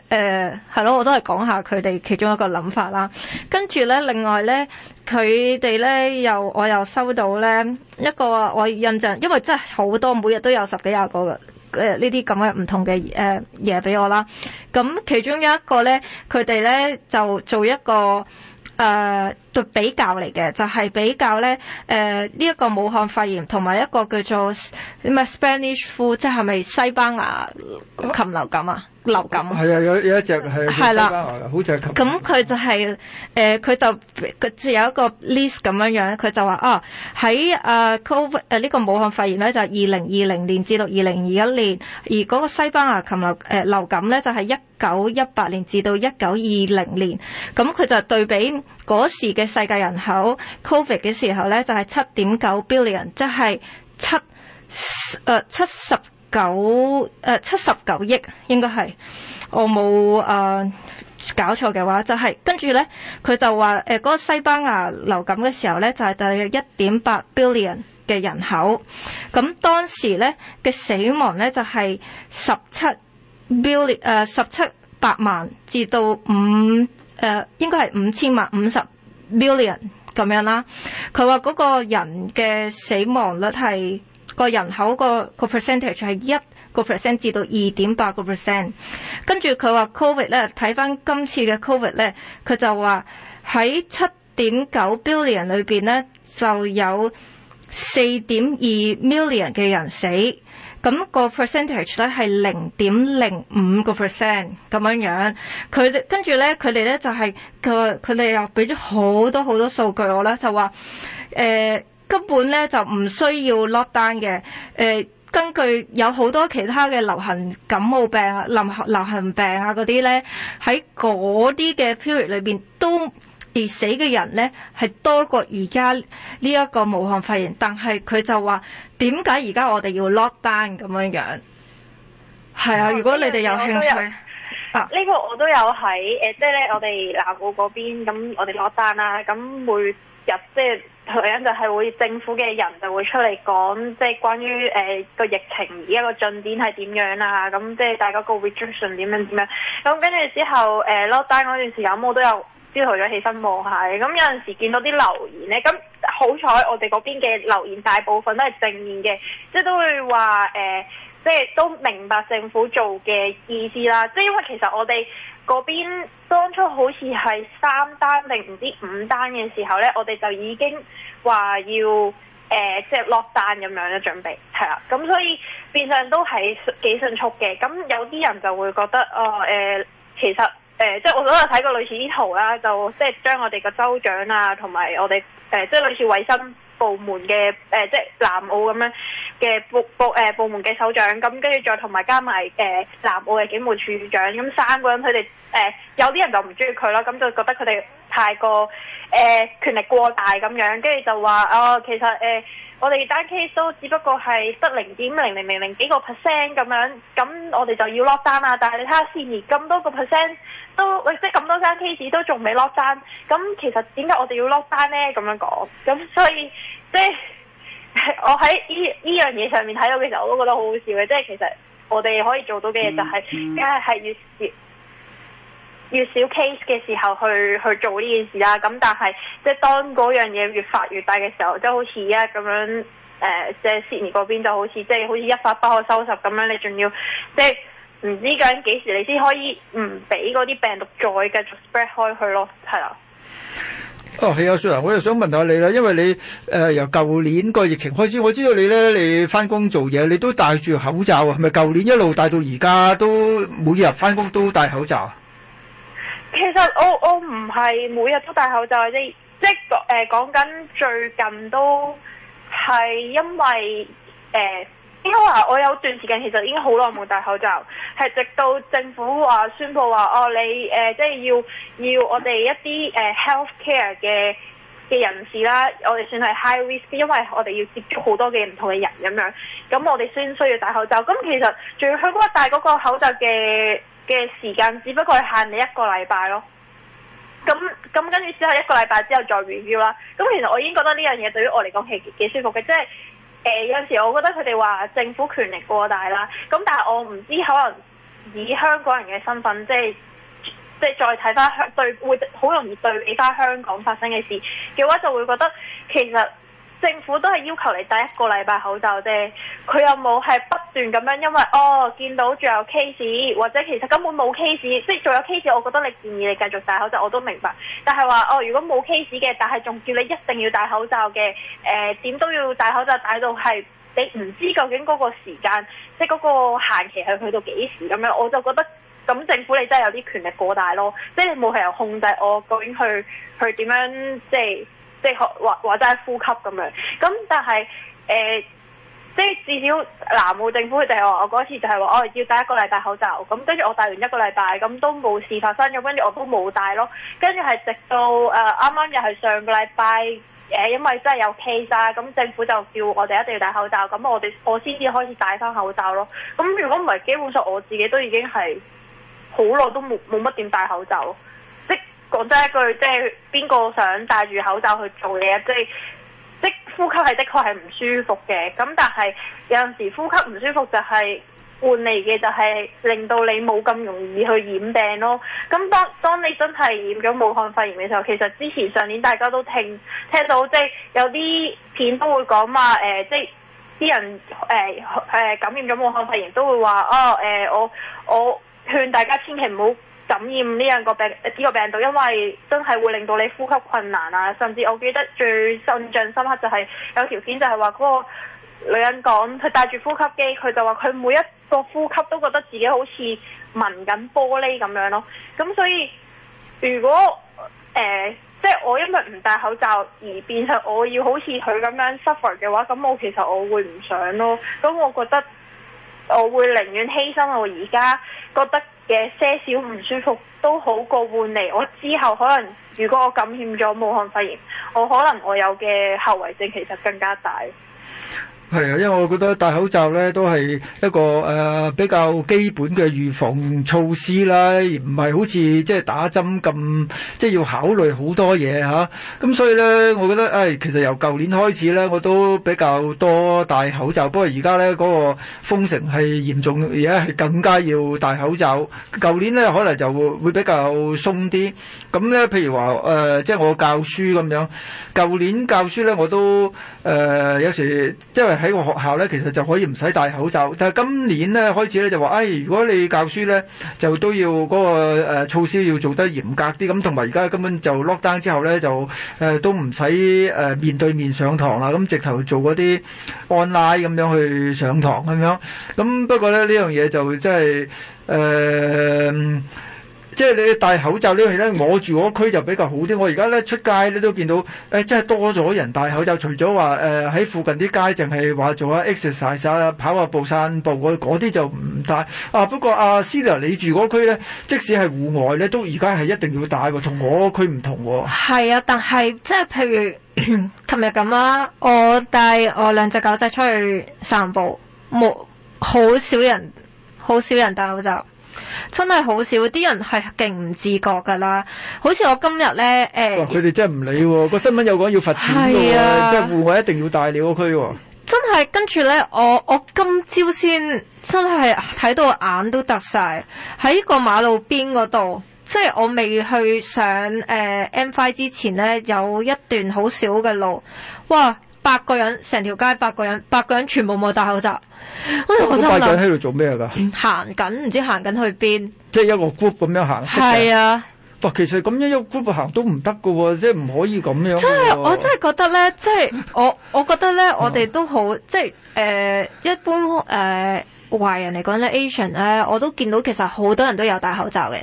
呃、咯，我都係講下佢哋其中一個諗法啦。跟住咧，另外咧。佢哋咧又我又收到咧一個，我印象，因為真係好多每日都有十幾廿個嘅呢啲咁嘅唔同嘅誒嘢，俾我啦。咁其中有一個咧，佢哋咧就做一個誒對、呃、比較嚟嘅，就係、是、比較咧誒呢一、呃，這個武漢肺炎同埋一個叫做咩 Spanish flu 即係咪西班牙禽流感啊？流感係啊，有有一隻係西班牙是好似係咁。咁佢就係、是、誒，佢就佢就有一個 list 咁樣樣，佢就話啊，喺啊 covid 呢個武漢肺炎咧，就係二零二零年至到二零二一年，而嗰個西班牙禽流誒流感咧，就係一九一八年至到一九二零年。咁佢就對比嗰時嘅世界人口 covid 嘅時候咧，就係、是、七點九 billion，即係七誒七十。呃九、呃、七十九億應該係我冇、呃、搞錯嘅話，就係、是、跟住咧，佢就話嗰、呃那個西班牙流感嘅時候咧，就係、是、大概一點八 billion 嘅人口，咁當時咧嘅死亡咧就係十七 billion 十七百萬至到五誒應該係五千萬五十 billion 咁樣啦。佢話嗰個人嘅死亡率係。個人口個個 percentage 係一個 percent 至到二點八個 percent，跟住佢話 covid 咧，睇翻今次嘅 covid 咧，佢就話喺七點九 billion 裏面咧就有四點二 million 嘅人死，咁個 percentage 咧係零點零五個 percent 咁樣樣，佢跟住咧佢哋咧就係佢佢哋又俾咗好多好多數據我啦，就話誒根本咧就唔需要 lockdown 嘅、呃，根據有好多其他嘅流行感冒病、流行病啊嗰啲咧，喺嗰啲嘅 period 裏面都熱死嘅人咧係多過而家呢一個武漢肺炎，但係佢就話點解而家我哋要 lockdown 咁樣樣？係啊，啊，如果你哋有興趣，啊，呢個我都有喺、呢個啊啊呢個呃、即係咧我哋南澳嗰邊，咁我哋 lockdown 啦，咁會。日即，原人就係會政府嘅人就會出嚟講，即係關於誒個、呃、疫情而家個進展係點樣啦、啊。咁即係大家個 restriction 點樣點樣。咁跟住之後，誒 lockdown 嗰段時間有冇都有朝頭早起身望下。咁有陣時見到啲留言咧，咁好彩我哋嗰邊嘅留言大部分都係正面嘅，即係都會話誒、呃，即係都明白政府做嘅意思啦。即係因為其實我哋。嗰邊當初好似係三單定唔知五單嘅時候呢，我哋就已經話要誒即係落單咁樣嘅準備，係啊，咁所以變相都係幾迅速嘅。咁有啲人就會覺得哦誒、呃，其實誒、呃、即係我嗰日睇過類似啲圖啦，就即係將我哋個州長啊同埋我哋誒、呃、即係類似衞生。部門嘅誒、呃，即係南澳咁樣嘅部部誒部門嘅首長，咁跟住再同埋加埋誒、呃、南澳嘅警務處長，咁三個人佢哋，誒有啲人就唔中意佢咯，咁就覺得佢哋。太過誒、呃、權力過大咁樣，跟住就話哦，其實誒、呃、我哋單 case 都只不過係得零點零零零零幾個 percent 咁樣，咁我哋就要 lockdown 啦。但係你睇下，先而咁多個 percent 都即係咁多單 case 都仲未 lockdown，咁其實點解我哋要 lockdown 咧？咁樣講，咁所以即係我喺依依樣嘢上面睇到嘅時候，我都覺得好好笑嘅。即係其實我哋可以做到嘅嘢就係、是，梗係係要。嗯越少 case 嘅時候去去做呢件事啦。咁但係即係當嗰樣嘢越發越大嘅時候，即係好似而家咁樣誒，即係悉尼嗰邊就好似即係好似一發不可收拾咁樣，樣。你仲要即係唔知究竟幾時你先可以唔俾嗰啲病毒再繼續 spread 開去咯？係啦。哦，係啊，雪啊，我又想問下你啦，因為你誒、呃、由舊年個疫情開始，我知道你咧，你翻工做嘢，你都戴住口罩啊？係咪舊年一路戴到而家都每日翻工都戴口罩？其實我我唔係每日都戴口罩，即即講講緊最近都係因為誒，因、呃、為我有段時間其實已經好耐冇戴口罩，係直到政府話宣布話哦，你誒、呃、即係要要我哋一啲誒、呃、health care 嘅。嘅人士啦，我哋算係 high risk，因為我哋要接觸好多嘅唔同嘅人咁樣，咁我哋先需要戴口罩。咁其實仲要佢嗰個戴嗰個口罩嘅嘅時間，只不過係限你一個禮拜咯。咁咁跟住之後一個禮拜之後再 review 啦。咁其實我已經覺得呢樣嘢對於我嚟講係幾舒服嘅，即係誒有陣時我覺得佢哋話政府權力過大啦。咁但係我唔知可能以香港人嘅身份即係。就是即係再睇翻對會好容易對比翻香港發生嘅事嘅話，就會覺得其實政府都係要求你戴一個禮拜口罩啫。佢又冇係不斷咁樣，因為哦見到仲有 case 或者其實根本冇 case，即係仲有 case，我覺得你建議你繼續戴口罩，我都明白。但係話哦，如果冇 case 嘅，但係仲叫你一定要戴口罩嘅，誒、呃、點都要戴口罩戴到係你唔知究竟嗰個時間即係嗰個限期係去到幾時咁樣，我就覺得。咁政府你真係有啲權力過大咯，即係你冇理由控制我究竟去去點樣，即係即係或或者係呼吸咁樣。咁但係誒、呃，即係至少南澳政府佢就係話，我嗰次就係話我係要戴一個禮拜口罩，咁跟住我戴完一個禮拜咁都冇事發生，咁跟住我都冇戴咯。跟住係直到誒啱啱又係上個禮拜誒、呃，因為真係有 case 啊，咁政府就叫我哋一定要戴口罩，咁我哋我先至開始戴翻口罩咯。咁如果唔係，基本上我自己都已經係。好耐都冇冇乜點戴口罩，即講真一句，即係邊個想戴住口罩去做嘢？即即呼吸係的確係唔舒服嘅，咁但係有陣時候呼吸唔舒服就係換嚟嘅，就係、是、令到你冇咁容易去染病咯。咁當當你真係染咗武漢肺炎嘅時候，其實之前上年大家都聽聽到，即有啲片都會講嘛，誒、呃，即啲人誒誒、呃呃、感染咗武漢肺炎都會話哦，誒、呃、我我。我勸大家千祈唔好感染呢兩個病呢個病毒，因為真係會令到你呼吸困難啊！甚至我記得最印象深刻就係有條片就係話，嗰個女人講，佢戴住呼吸機，佢就話佢每一個呼吸都覺得自己好似聞緊玻璃咁樣咯。咁所以如果誒、呃，即係我因為唔戴口罩而變向，我要好似佢咁樣 suffer 嘅話，咁我其實我會唔想咯。咁我覺得。我會寧願犧牲我而家覺得嘅些少唔舒服，都好過換嚟，我之後可能，如果我感染咗武漢肺炎，我可能我有嘅後遺症其實更加大。係啊，因為我覺得戴口罩咧都係一個誒、呃、比較基本嘅預防措施啦，而唔係好似即係打針咁，即係要考慮好多嘢吓、啊，咁所以咧，我覺得誒、哎、其實由舊年開始咧，我都比較多戴口罩。不過而家咧，嗰個封城係嚴重，而家係更加要戴口罩。舊年咧可能就會比較鬆啲。咁咧譬如話誒、呃、即係我教書咁樣，舊年教書咧我都誒、呃、有時因為。即是喺個學校咧，其實就可以唔使戴口罩。但係今年咧開始咧就話，誒、哎，如果你教書咧，就都要嗰、那個、呃、措施要做得嚴格啲。咁同埋而家根本就 lockdown 之後咧，就、呃、都唔使、呃、面對面上堂啦。咁直頭做嗰啲 online 咁樣去上堂咁樣。咁不過咧呢樣嘢、這個、就真係誒。呃即係你戴口罩事呢樣嘢咧，我住嗰區就比較好啲。我而家咧出街咧都見到，誒、即係多咗人戴口罩。除咗話喺附近啲街淨係話做下 exercise 啊、跑下步、散步嗰啲就唔戴。啊，不過阿 Sila，、啊、你住嗰區咧，即使係戶外咧，都而家係一定要戴喎，我同我區唔同喎。係啊，但係即係譬如琴日咁啦，我帶我兩隻狗仔出去散步，冇好少人，好少人戴口罩。真係好少啲人係勁唔自覺噶啦，好似我今日咧，誒，佢、欸、哋真係唔理喎，個新聞有講要罰錢嘅、啊，即係戶外一定要戴你個區喎。真係，跟住咧，我我今朝先真係睇到眼都突晒喺個馬路邊嗰度，即係我未去上誒 M5 之前咧，有一段好少嘅路，哇，八個人成條街八個人，八個人全部冇戴口罩。我、哎、哋我心諗喺度做咩噶？行緊唔知行緊去邊？即係一個 group 咁樣行係啊。哇，其實咁樣一個 group 行都唔得噶，即係唔可以咁樣、啊。即係我真係覺得咧，即係我我覺得咧， 我哋都好即係誒、呃，一般誒、華、呃、人嚟講咧，Asian 咧、啊，我都見到其實好多人都有戴口罩嘅，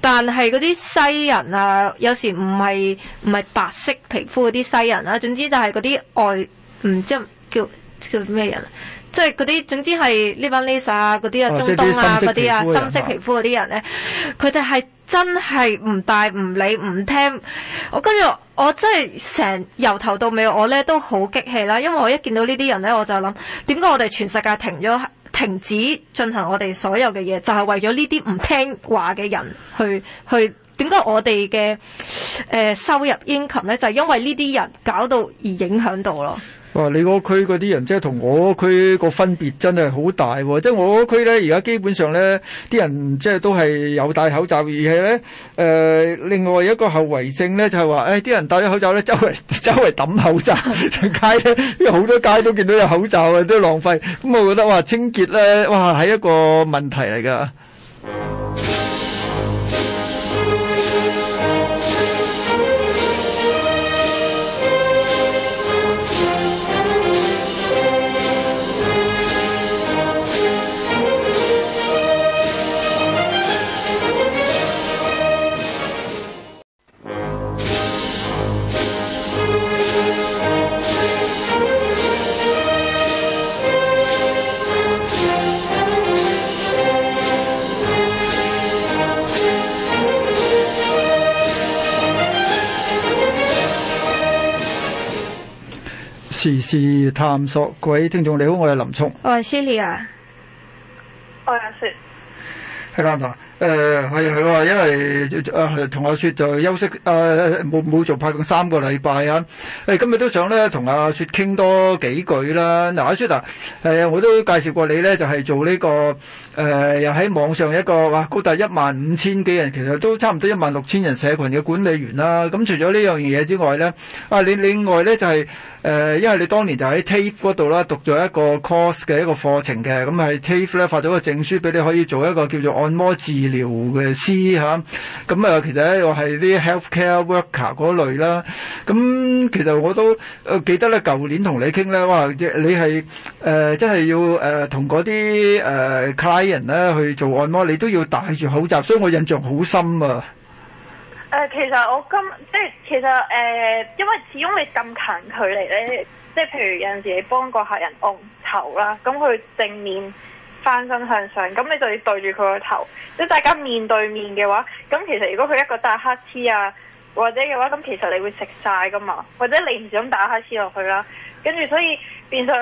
但係嗰啲西人啊，有時唔係唔係白色皮膚嗰啲西人啊。總之就係嗰啲外唔知叫叫咩人、啊。即係嗰啲，總之係呢班 Lisa 啊，嗰啲啊，中東啊，嗰啲啊，啊，深色皮膚嗰啲人咧、啊，佢哋係真係唔帶、唔理、唔聽。我跟住我，我真係成由頭到尾我呢，我咧都好激氣啦，因為我一見到呢啲人咧，我就諗點解我哋全世界停咗、停止進行我哋所有嘅嘢，就係、是、為咗呢啲唔聽話嘅人去去？點解我哋嘅、呃、收入 income 咧，就係、是、因為呢啲人搞到而影響到咯？哇！你嗰區嗰啲人即係同我區個分別真係好大喎、啊！即、就、係、是、我區咧，而家基本上咧啲人即係都係有戴口罩，而係咧誒，另外一個後遺症咧就係、是、話，誒、哎、啲人戴咗口罩咧，周圍周圍抌口罩喺 街咧，因為好多街都見到有口罩啊，都浪費。咁、嗯、我覺得哇，清潔咧，哇係一個問題嚟㗎。時事探索，各位聽眾你好，我係林聰，我係 Celia，我係阿雪，係啦、啊。誒係佢話，因為誒同、呃、阿雪就休息，誒冇冇做派咁三個禮拜啊！誒今日都想咧同阿雪傾多幾句啦。嗱、呃，阿雪嗱、啊呃，我都介紹過你咧，就係、是、做呢、這個誒又喺網上一個哇高達一萬五千幾人，其實都差唔多一萬六千人社群嘅管理員啦。咁、嗯、除咗呢樣嘢之外咧，啊你另外咧就係、是、誒、呃、因為你當年就喺 TAFE 嗰度啦，讀咗一個 course 嘅一個課程嘅，咁係 TAFE 咧發咗個證書俾你可以做一個叫做按摩治。聊嘅師嚇，咁啊，啊，其實咧又係啲 healthcare worker 嗰類啦。咁、啊、其實我都記得咧，舊年同你傾咧，哇！你係誒、呃、真係要誒同嗰啲誒 client 咧去做按摩，你都要戴住口罩，所以我印象好深啊。誒、呃，其實我今即係其實誒、呃，因為始終你咁近距離咧，即係譬如有陣時你幫個客人按頭啦，咁佢正面。翻身向上，咁你就要對住佢個頭，即係大家面對面嘅話，咁其實如果佢一個打乞嚏啊，或者嘅話，咁其實你會食晒㗎嘛，或者你唔想打乞嚏落去啦，跟住所以變相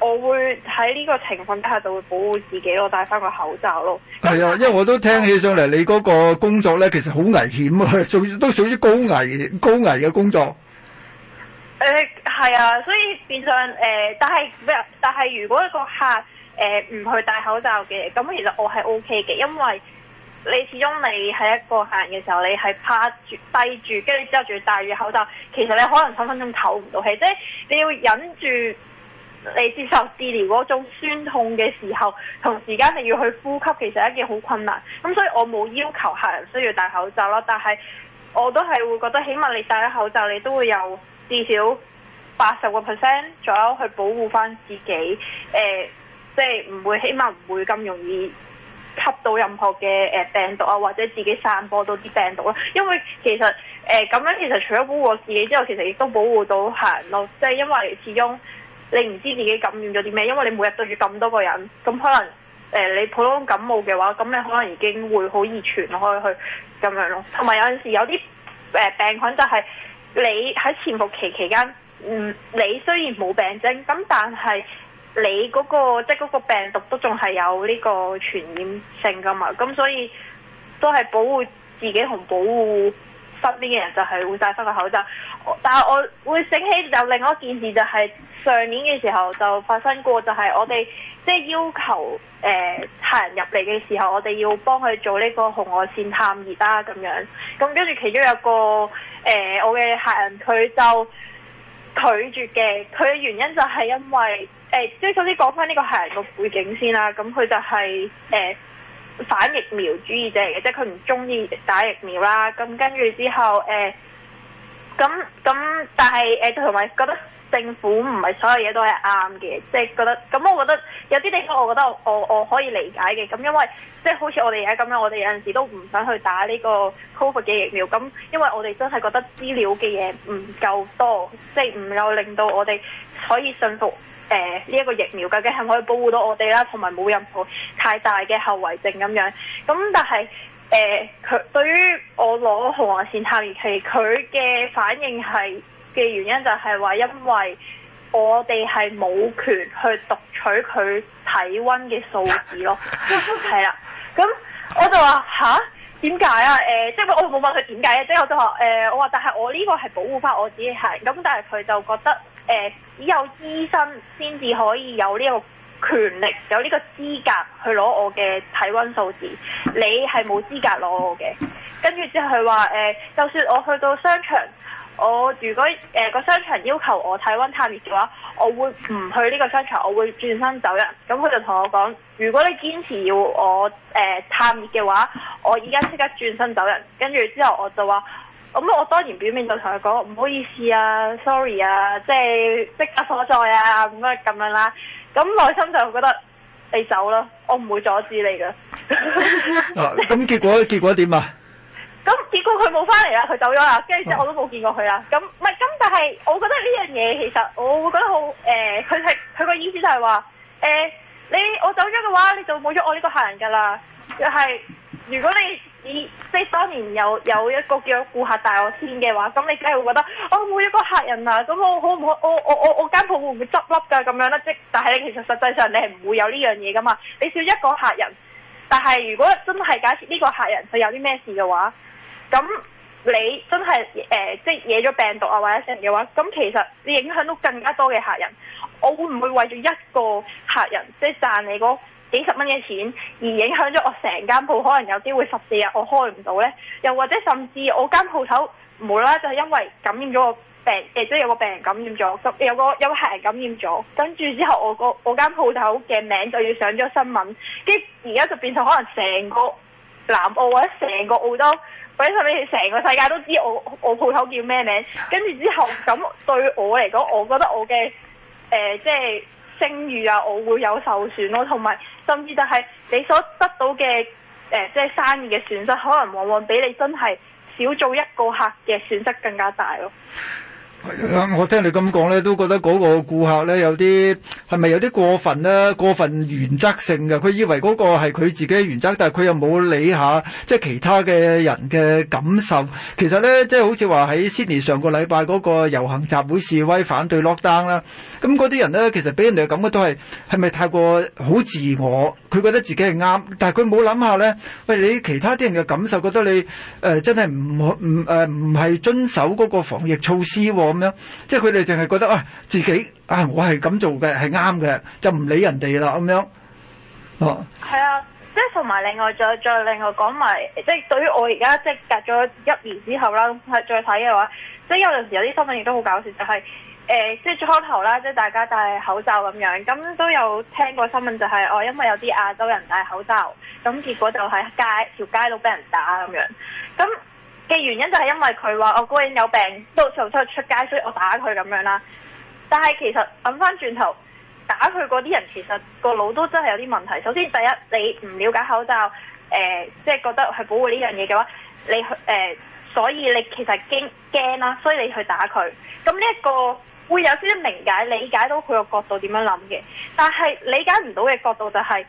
我會喺呢個情況底下就會保護自己咯，我戴翻個口罩咯。係啊，因為我都聽起上嚟，你嗰個工作咧，其實好危險啊，屬都屬於高危高危嘅工作。誒、呃，係啊，所以變相誒、呃，但係唔但係如果個客。誒、呃、唔去戴口罩嘅，咁其實我係 OK 嘅，因為你始終你係一個客人嘅時候，你係趴住低住，跟住之後仲要戴住口罩，其實你可能分分鐘唞唔到氣，即係你要忍住你接受治療嗰種酸痛嘅時候，同時間你要去呼吸，其實一件好困難。咁所以我冇要求客人需要戴口罩咯，但係我都係會覺得，起碼你戴咗口罩，你都會有至少八十個 percent 左右去保護返自己，呃即係唔會，起碼唔會咁容易吸到任何嘅誒、呃、病毒啊，或者自己散播到啲病毒咯。因為其實誒咁、呃、樣其，其實除咗保護自己之外，其實亦都保護到行人咯。即係因為始終你唔知自己感染咗啲咩，因為你每日對住咁多個人，咁可能誒、呃、你普通感冒嘅話，咁你可能已經會好易傳開去咁樣咯。同埋有陣時有啲誒、呃、病菌就係你喺潛伏期期間，嗯，你雖然冇病徵，咁但係。你嗰、那個即係嗰個病毒都仲係有呢個傳染性㗎嘛，咁所以都係保護自己同保護身邊嘅人，就係會戴翻個口罩。但係我會醒起就另外一件事，就係、是、上年嘅時候就發生過就是，就係我哋即係要求誒、呃、客人入嚟嘅時候，我哋要幫佢做呢個紅外線探熱啦咁樣。咁跟住其中有一個誒、呃、我嘅客人，佢就拒絕嘅，佢嘅原因就係因為。誒，即係首先講翻呢個客人個背景先啦，咁佢就係、是、誒、呃、反疫苗主義者嚟嘅，即係佢唔中意打疫苗啦，咁跟住之後誒。呃咁咁，但係誒，同埋覺得政府唔係所有嘢都係啱嘅，即係覺得咁，我覺得有啲地方我覺得我我，我可以理解嘅。咁因為即係好似我哋而家咁樣，我哋有陣時都唔想去打呢個 COVID 嘅疫苗，咁因為我哋真係覺得資料嘅嘢唔夠多，即係唔夠令到我哋可以信服誒呢一個疫苗究竟係可以保護到我哋啦，同埋冇任何太大嘅後遺症咁樣。咁但係。誒、呃，佢對於我攞紅外線探熱器，佢嘅反應係嘅原因就係話，因為我哋係冇權去讀取佢體溫嘅數字咯，係 啦、嗯。咁我就話吓，點解啊？誒、呃，即係我冇問佢點解啊。即係我就話，誒、呃，我話但係我呢個係保護翻我自己係，咁但係佢就覺得，誒、呃，只有醫生先至可以有呢、這個。權力有呢個資格去攞我嘅體溫數字，你係冇資格攞我嘅。跟住之後佢話、呃、就算我去到商場，我如果呃、個商場要求我體溫探熱嘅話，我會唔去呢個商場，我會轉身走人。咁佢就同我講：如果你堅持要我誒、呃、探熱嘅話，我而家即刻轉身走人。跟住之後我就話：咁我當然表面就同佢講唔好意思啊，sorry 啊，即係即刻所在啊咁樣咁樣啦。咁內心就覺得你走啦，我唔會阻止你噶。咁、啊、結果 結果點啊？咁結果佢冇翻嚟啦，佢走咗啦，跟住之後我都冇見過佢啦。咁唔係咁，但係我覺得呢樣嘢其實我會覺得好誒，佢係佢個意思就係話誒，你我走咗嘅話，你就冇咗我呢個客人㗎啦。就係如果你。即係當年有有一個叫做顧客大過天嘅話，咁你梗係會覺得啊、哦，每一個客人啊，咁我可唔可我我我我間鋪會唔會執笠㗎咁樣咧？即但係你其實實際上你係唔會有呢樣嘢噶嘛，你少一個客人，但係如果真係假設呢個客人佢有啲咩事嘅話，咁你真係誒、呃、即係惹咗病毒啊或者啲嘅話，咁其實你影響到更加多嘅客人，我會唔會為咗一個客人即係賺你嗰？幾十蚊嘅錢而影響咗我成間鋪，可能有機會十四日我開唔到呢？又或者甚至我間鋪頭無啦啦就係因為感染咗個病，誒即係有個病人感染咗，有個有個客人感染咗，跟住之後我個我間鋪頭嘅名就要上咗新聞，跟而家就變成可能成個南澳或者成個澳洲或者甚至成個世界都知我我鋪頭叫咩名，跟住之後咁對我嚟講，我覺得我嘅、呃、即係。聲譽啊，我會有受損咯，同埋甚至就係你所得到嘅，誒，即係生意嘅損失，可能往往比你真係少做一個客嘅損失更加大咯。我聽你咁講咧，都覺得嗰個顧客咧有啲係咪有啲過分啦？過分原則性嘅，佢以為嗰個係佢自己嘅原則，但係佢又冇理下即係、就是、其他嘅人嘅感受。其實咧，即、就、係、是、好似話喺悉尼上個禮拜嗰個遊行集會示威反對 lockdown 啦，咁嗰啲人呢，其實俾人哋嘅感覺都係係咪太過好自我？佢覺得自己係啱，但係佢冇諗下咧，喂，你其他啲人嘅感受，覺得你誒、呃、真係唔可唔誒唔係遵守嗰個防疫措施喎、哦。咁樣，即係佢哋淨係覺得，哇、哎！自己啊，我係咁做嘅，係啱嘅，就唔理人哋啦，咁樣，哦。係啊，即係同埋另外，再再另外講埋，即係對於我而家即係隔咗一年之後啦，再睇嘅話，即係有陣時有啲新聞亦都好搞笑，就係、是、誒、欸，即係初頭啦，即係大家戴口罩咁樣，咁都有聽過新聞、就是，就係哦，因為有啲亞洲人戴口罩，咁結果就係街條街都俾人打咁樣，咁。嘅原因就係因為佢話我個人有病，都想出去出街，所以我打佢咁樣啦。但係其實諗翻轉頭，打佢嗰啲人其實個腦都真係有啲問題。首先第一，你唔了解口罩，誒、呃，即、就、係、是、覺得去保護呢樣嘢嘅話，你誒、呃，所以你其實驚驚啦，所以你去打佢。咁呢一個會有少少明解理解到佢個角度點樣諗嘅，但係理解唔到嘅角度就係、是。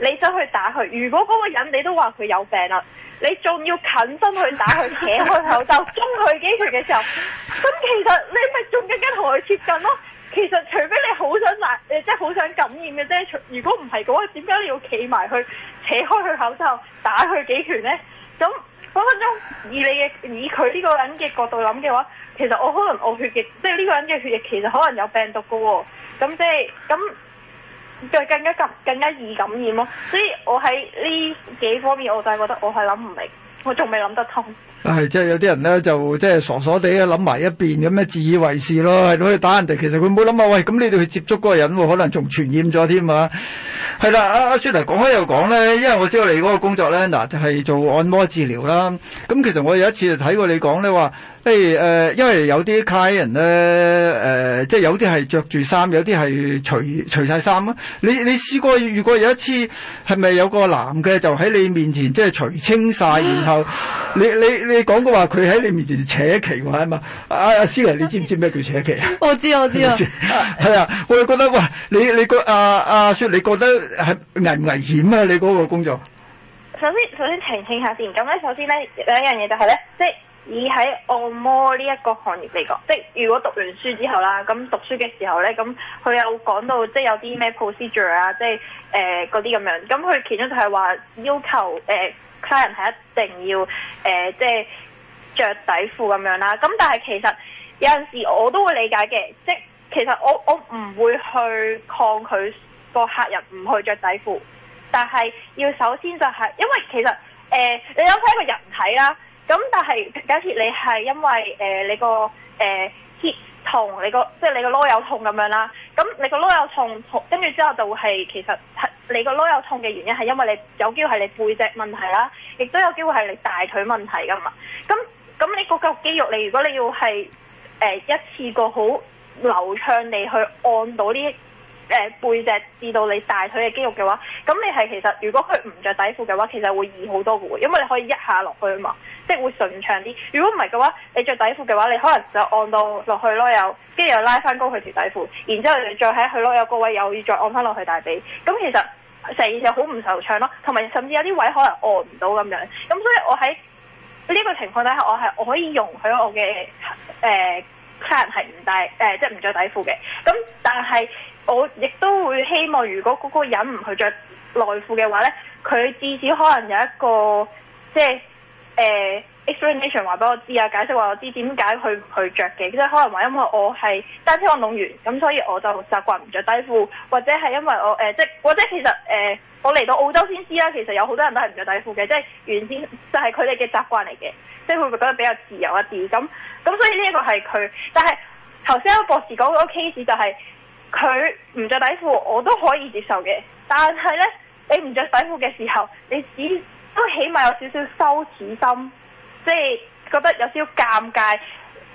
你想去打佢？如果嗰個人你都話佢有病啦，你仲要近身去打佢，扯開口罩，中佢幾拳嘅時候，咁其實你咪仲更加同佢接近咯。其實除非你好想打，誒即係好想感染嘅啫。如果唔係嘅話，點解你要企埋去扯開佢口罩，打佢幾拳呢？咁分分鐘以你嘅以佢呢個人嘅角度諗嘅話，其實我可能我血嘅即係呢個人嘅血液其實可能有病毒嘅喎。咁即係咁。咁就更加感，更加易感染咯，哦，所以我喺呢幾方面，我就係覺得我係諗唔明。我仲未諗得通。係即係有啲人咧，就即係傻傻地啊，諗埋一邊咁樣自以為是咯，去打人哋。其實佢冇諗啊，喂！咁你哋去接觸嗰個人喎，可能仲傳染咗添啊。係啦，阿阿雪嚟講開又講咧，因為我知道你嗰個工作咧，嗱就係做按摩治療啦。咁其實我有一次就睇過你講咧話，誒誒，因為有啲 client 咧，誒即係有啲係着住衫，有啲係除除曬衫啊。你你試過？如果有一次係咪有個男嘅就喺你面前即係除清晒，然後？你你你講嘅話，佢喺你面前扯旗話啊嘛！阿阿思維，你知唔知咩叫扯旗啊？我知我知 我就啊，係啊！我又覺得喂，你你覺阿阿雪，你覺得係危唔危險啊？你嗰個工作？首先首先澄清下先，咁咧首先咧兩樣嘢就係咧，即係以喺按摩呢一個行業嚟講，即係如果讀完書之後啦，咁讀書嘅時候咧，咁佢有講到即係有啲咩 procedure 啊，即係誒嗰啲咁樣，咁佢其中就係話要求誒。呃客人係一定要誒，即係著底褲咁樣啦。咁但係其實有陣時我都會理解嘅，即係其實我我唔會去抗拒個客人唔去着底褲，但係要首先就係、是、因為其實誒、呃，你有睇過人體啦。咁但係假設你係因為誒、呃、你個誒、呃痛，你個即係你個籮柚痛咁樣啦。咁你個籮柚痛，跟住之後就會、是、係其實係你個籮柚痛嘅原因係因為你有機會係你背脊問題啦，亦都有機會係你大腿問題噶嘛。咁咁呢個肌肉，你如果你要係誒、呃、一次過好流暢地去按到呢誒、呃、背脊至到你大腿嘅肌肉嘅話，咁你係其實如果佢唔着底褲嘅話，其實會易好多嘅喎，因為你可以一下落去啊嘛。即會順暢啲。如果唔係嘅話，你着底褲嘅話，你可能就按到落去咯，又跟住又拉翻高佢條底褲，然之後再喺佢咯，有個位又要再按翻落去大髀。咁其實成件事好唔順暢咯，同埋甚至有啲位可能按唔到咁樣。咁所以我喺呢個情況底下，我係我可以容許我嘅誒客人係唔帶誒，即係唔著底褲嘅。咁但係我亦都會希望，如果嗰個人唔去着內褲嘅話咧，佢至少可能有一個即係。誒、uh, explanation 話俾我知啊，解釋話我知點解佢佢著嘅，即係可能話因為我係單車運動員，咁所以我就習慣唔着底褲，或者係因為我誒、呃、即或者其實誒、呃、我嚟到澳洲先知啦，其實有好多人都係唔着底褲嘅，即係原先就係佢哋嘅習慣嚟嘅，即係會覺得比較自由一啲咁。咁所以呢一個係佢，但係頭先阿博士講嗰個 case 就係佢唔着底褲，我都可以接受嘅。但係呢，你唔着底褲嘅時候，你只都起碼有少少羞恥心，即係覺得有少少尷尬。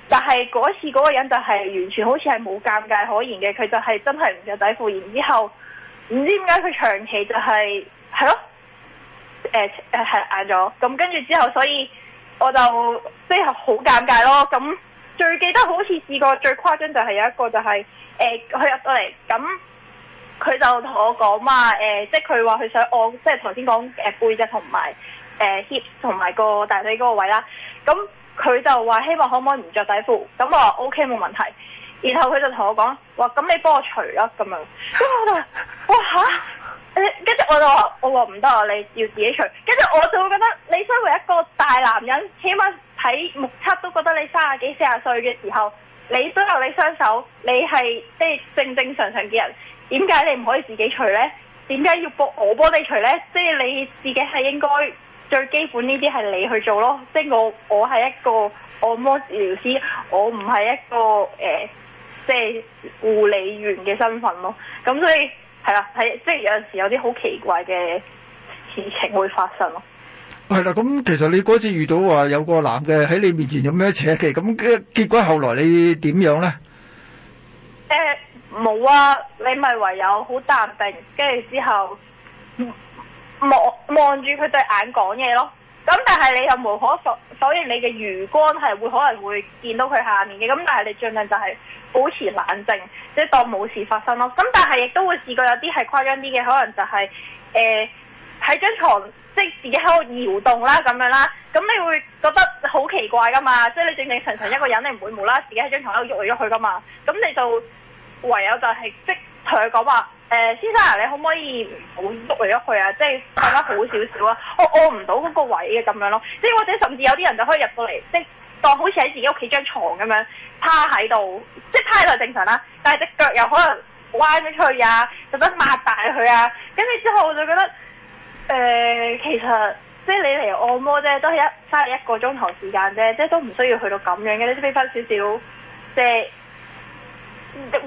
但係嗰次嗰個人就係完全好似係冇尷尬可言嘅，佢就係真係唔着底褲。然之後唔知點解佢長期就係係咯，誒誒係硬咗。咁跟住之後，所以我就即係好尷尬咯。咁最記得好似試過最誇張就係有一個就係誒佢入到嚟咁。呃他佢就同我講嘛，誒、呃，即係佢話佢想我、哦，即係頭先講誒背脊同埋誒 hip 同埋個大腿嗰個位啦。咁佢就話希望可唔可以唔着底褲。咁我話 OK 冇問題。然後佢就同我講，話咁你幫我除囉咁樣。咁我就話哇嚇，誒，跟住我就話我話唔得啊，你要自己除。跟住我就會覺得你身為一個大男人，起碼睇目測都覺得你三十幾四十歲嘅時候，你都有你雙手，你係即係正正常常嘅人。點解你唔可以自己除呢？點解要博我幫你除呢？即係你自己係應該最基本呢啲係你去做咯。即係我我係一個按摩治療師，我唔係一個誒即係護理員嘅身份咯。咁所以係啦，係即係有陣時有啲好奇怪嘅事情會發生咯。係啦，咁其實你嗰次遇到話有個男嘅喺你面前有咩扯旗，咁嘅結果後來你點樣呢？誒、呃。冇啊！你咪唯有好淡定，跟住之後望望住佢對眼講嘢咯。咁但係你又無可否否認，所以你嘅餘光係會可能會見到佢下面嘅。咁但係你盡量就係保持冷靜，即係當冇事發生咯。咁但係亦都會試過有啲係誇張啲嘅，可能就係誒喺張床，即係自己喺度搖動啦咁樣啦。咁你會覺得好奇怪噶嘛？即係你正正常常一個人，你唔會無啦，自己喺張床喺度喐嚟喐去噶嘛。咁你就～唯有就係即同佢講話，誒、呃、先生啊，你可唔可以唔好喐嚟喐去啊？即瞓得好少少啊，我按唔到嗰個位嘅咁樣咯。即或者甚至有啲人就可以入到嚟，即當好似喺自己屋企張床咁樣趴喺度，即趴係正常啦、啊，但係隻腳又可能歪咗出去啊，或者擘大佢啊。跟住之後我就覺得誒、呃，其實即你嚟按摩啫，都係一三、花一個鐘頭時間啫，即都唔需要去到咁樣嘅，你都俾翻少少即。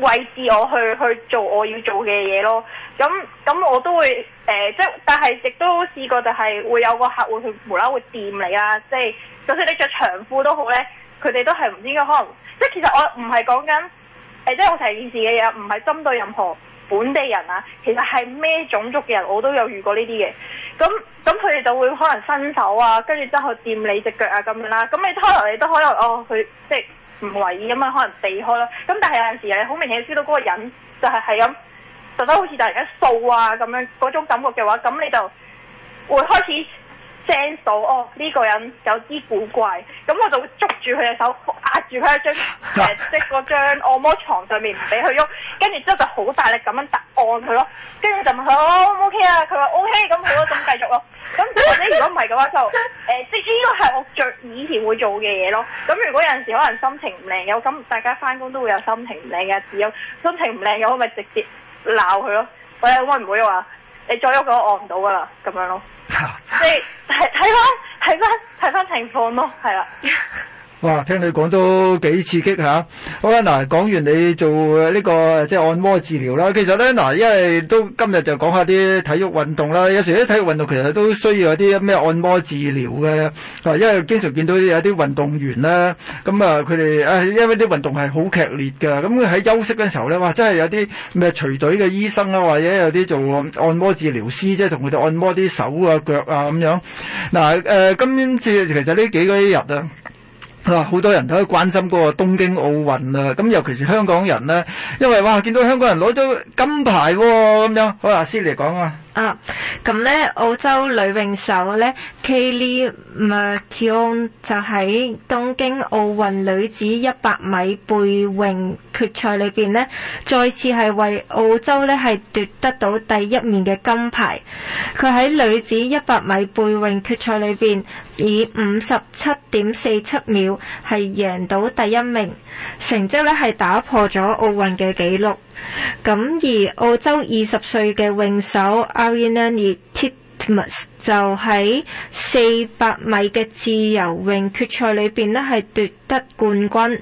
位置我去去做我要做嘅嘢咯，咁咁我都會誒，即、呃、係但係亦都試過，就係會有個客戶佢無啦會掂你啊，即、就、係、是、就算你着長褲都好咧，佢哋都係唔應該可能，即係其實我唔係講緊誒，即、呃、係、就是、我成件事嘅嘢，唔係針對任何本地人啊，其實係咩種族嘅人我都有遇過呢啲嘅，咁咁佢哋就會可能伸手啊，跟住之後掂你隻腳啊咁樣啦，咁你拖落嚟都可能哦，佢即係。唔為意咁啊，可能避開咯。咁但係有陣時，你好明顯知道嗰個人就係係咁，就得好似突然間掃啊咁樣嗰種感覺嘅話，咁你就會開始，sense 到哦呢、這個人有啲古怪，咁我就捉住佢隻手，壓住佢一張誒即嗰張按摩床上面唔俾佢喐，跟住之後就好大力咁樣揼按佢咯，跟住就問佢 O 唔 O K 啊，佢話 O K，咁好啊咁繼續咯，咁或者如果唔係嘅話就誒、啊、即呢個係我最以前會做嘅嘢咯，咁如果有陣時候可能心情唔靚嘅，咁大家翻工都會有心情唔靚嘅日子，心情唔靚嘅我咪直接鬧佢咯，喂，我唔會話？你再喐我，我按唔到㗎喇，咁樣咯，即係睇睇翻，睇翻，睇翻情況咯，係啦。 哇！聽你講都幾刺激下、啊、好啦，嗱，講完你做呢、這個即係、就是、按摩治療啦。其實咧嗱，因為都今日就講下啲體育運動啦。有時啲體育運動其實都需要有啲咩按摩治療嘅、啊。因為經常見到有啲運動員啦，咁啊，佢哋因為啲運動係好劇烈㗎。咁喺休息嘅時候咧，哇！真係有啲咩隨隊嘅醫生啦，或者有啲做按摩治療師，即係同佢哋按摩啲手啊、腳啊咁樣嗱、啊呃。今次其實呢幾個日啊～好、啊、多人都都關心嗰個東京奧運啦、啊，咁尤其是香港人呢，因為話見到香港人攞咗金牌喎、哦，咁樣，好阿師嚟講啊？啊，咁咧澳洲女泳手咧 Kaylee McKeown 就喺東京奧運女子一百米背泳決賽裏邊咧，再次係為澳洲咧係奪得到第一面嘅金牌。佢喺女子一百米背泳決賽裏邊以五十七點四七秒係贏到第一名，成績咧係打破咗奧運嘅紀錄。咁、啊、而澳洲二十歲嘅泳手阿就喺四百米嘅自由泳決賽裏邊咧，係奪得冠軍，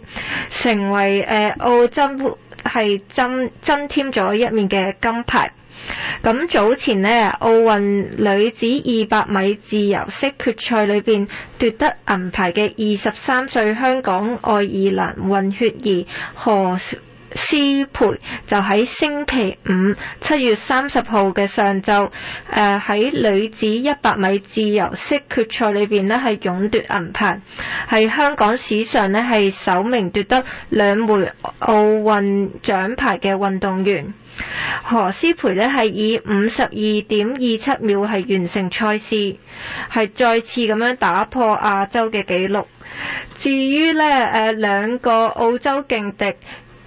成為誒澳洲係增增添咗一面嘅金牌。咁早前呢，奧運女子二百米自由式決賽裏邊奪得銀牌嘅二十三歲香港愛爾蘭混血兒何。詩蓓就喺星期五七月三十號嘅上晝誒喺女子一百米自由式決賽裏邊咧，係勇奪銀牌，係香港史上咧係首名奪得兩枚奧運獎牌嘅運動員。何詩蓓咧係以五十二點二七秒係完成賽事，係再次咁樣打破亞洲嘅紀錄。至於咧誒、呃、兩個澳洲勁敵。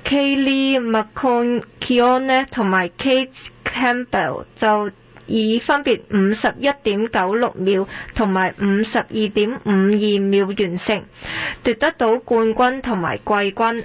Kaylee McConkeyon 同埋 Kate Campbell 就以分別五十一點九六秒同埋五十二點五二秒完成，奪得到冠軍同埋季軍。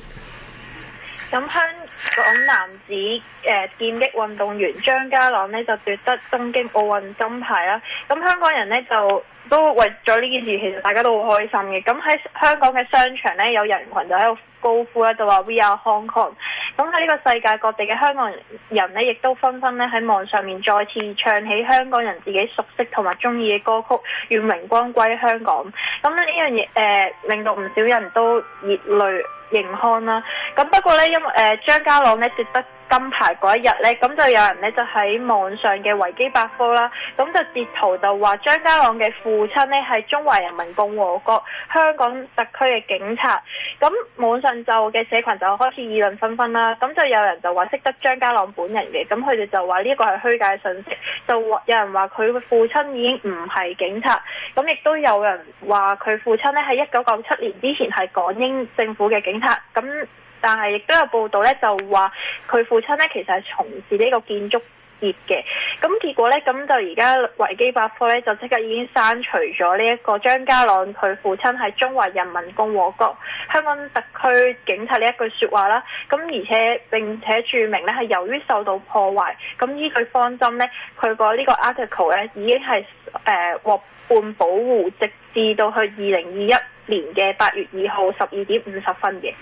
港男子誒、呃、劍擊運動員張家朗呢就奪得東京奧運金牌啦！咁香港人呢，就都為咗呢件事，其實大家都好開心嘅。咁喺香港嘅商場呢，有人群就喺度高呼咧，就話 We are Hong Kong。咁喺呢個世界各地嘅香港人呢，亦都紛紛喺網上面再次唱起香港人自己熟悉同埋中意嘅歌曲《願榮光歸香港》。咁呢樣嘢令到唔少人都熱淚認康啦，咁不過呢，因為，呃，張家朗呢，奪得金牌嗰一日呢，咁就有人呢，就喺網上嘅維基百科啦，咁就截圖就話張家朗嘅父親呢，係中華人民共和國香港特區嘅警察，咁網上就嘅社群就開始議論紛紛啦，咁就有人就話識得張家朗本人嘅，咁佢哋就話呢個係虛假信息，就有人話佢父親已經唔係警察，咁亦都有人話佢父親呢，喺一九九七年之前係港英政府嘅警察。咁，但係亦都有報道咧，就話佢父親咧其實係從事呢個建築業嘅。咁結果咧，咁就而家維基百科咧就即刻已經刪除咗呢一個張家朗佢父親係中華人民共和國香港特區警察呢一句説話啦。咁而且並且註明咧係由於受到破壞，咁依據方針咧，佢個呢個 article 咧已經係誒獲半保護，直至到去二零二一。年嘅八月二號十二點五十分嘅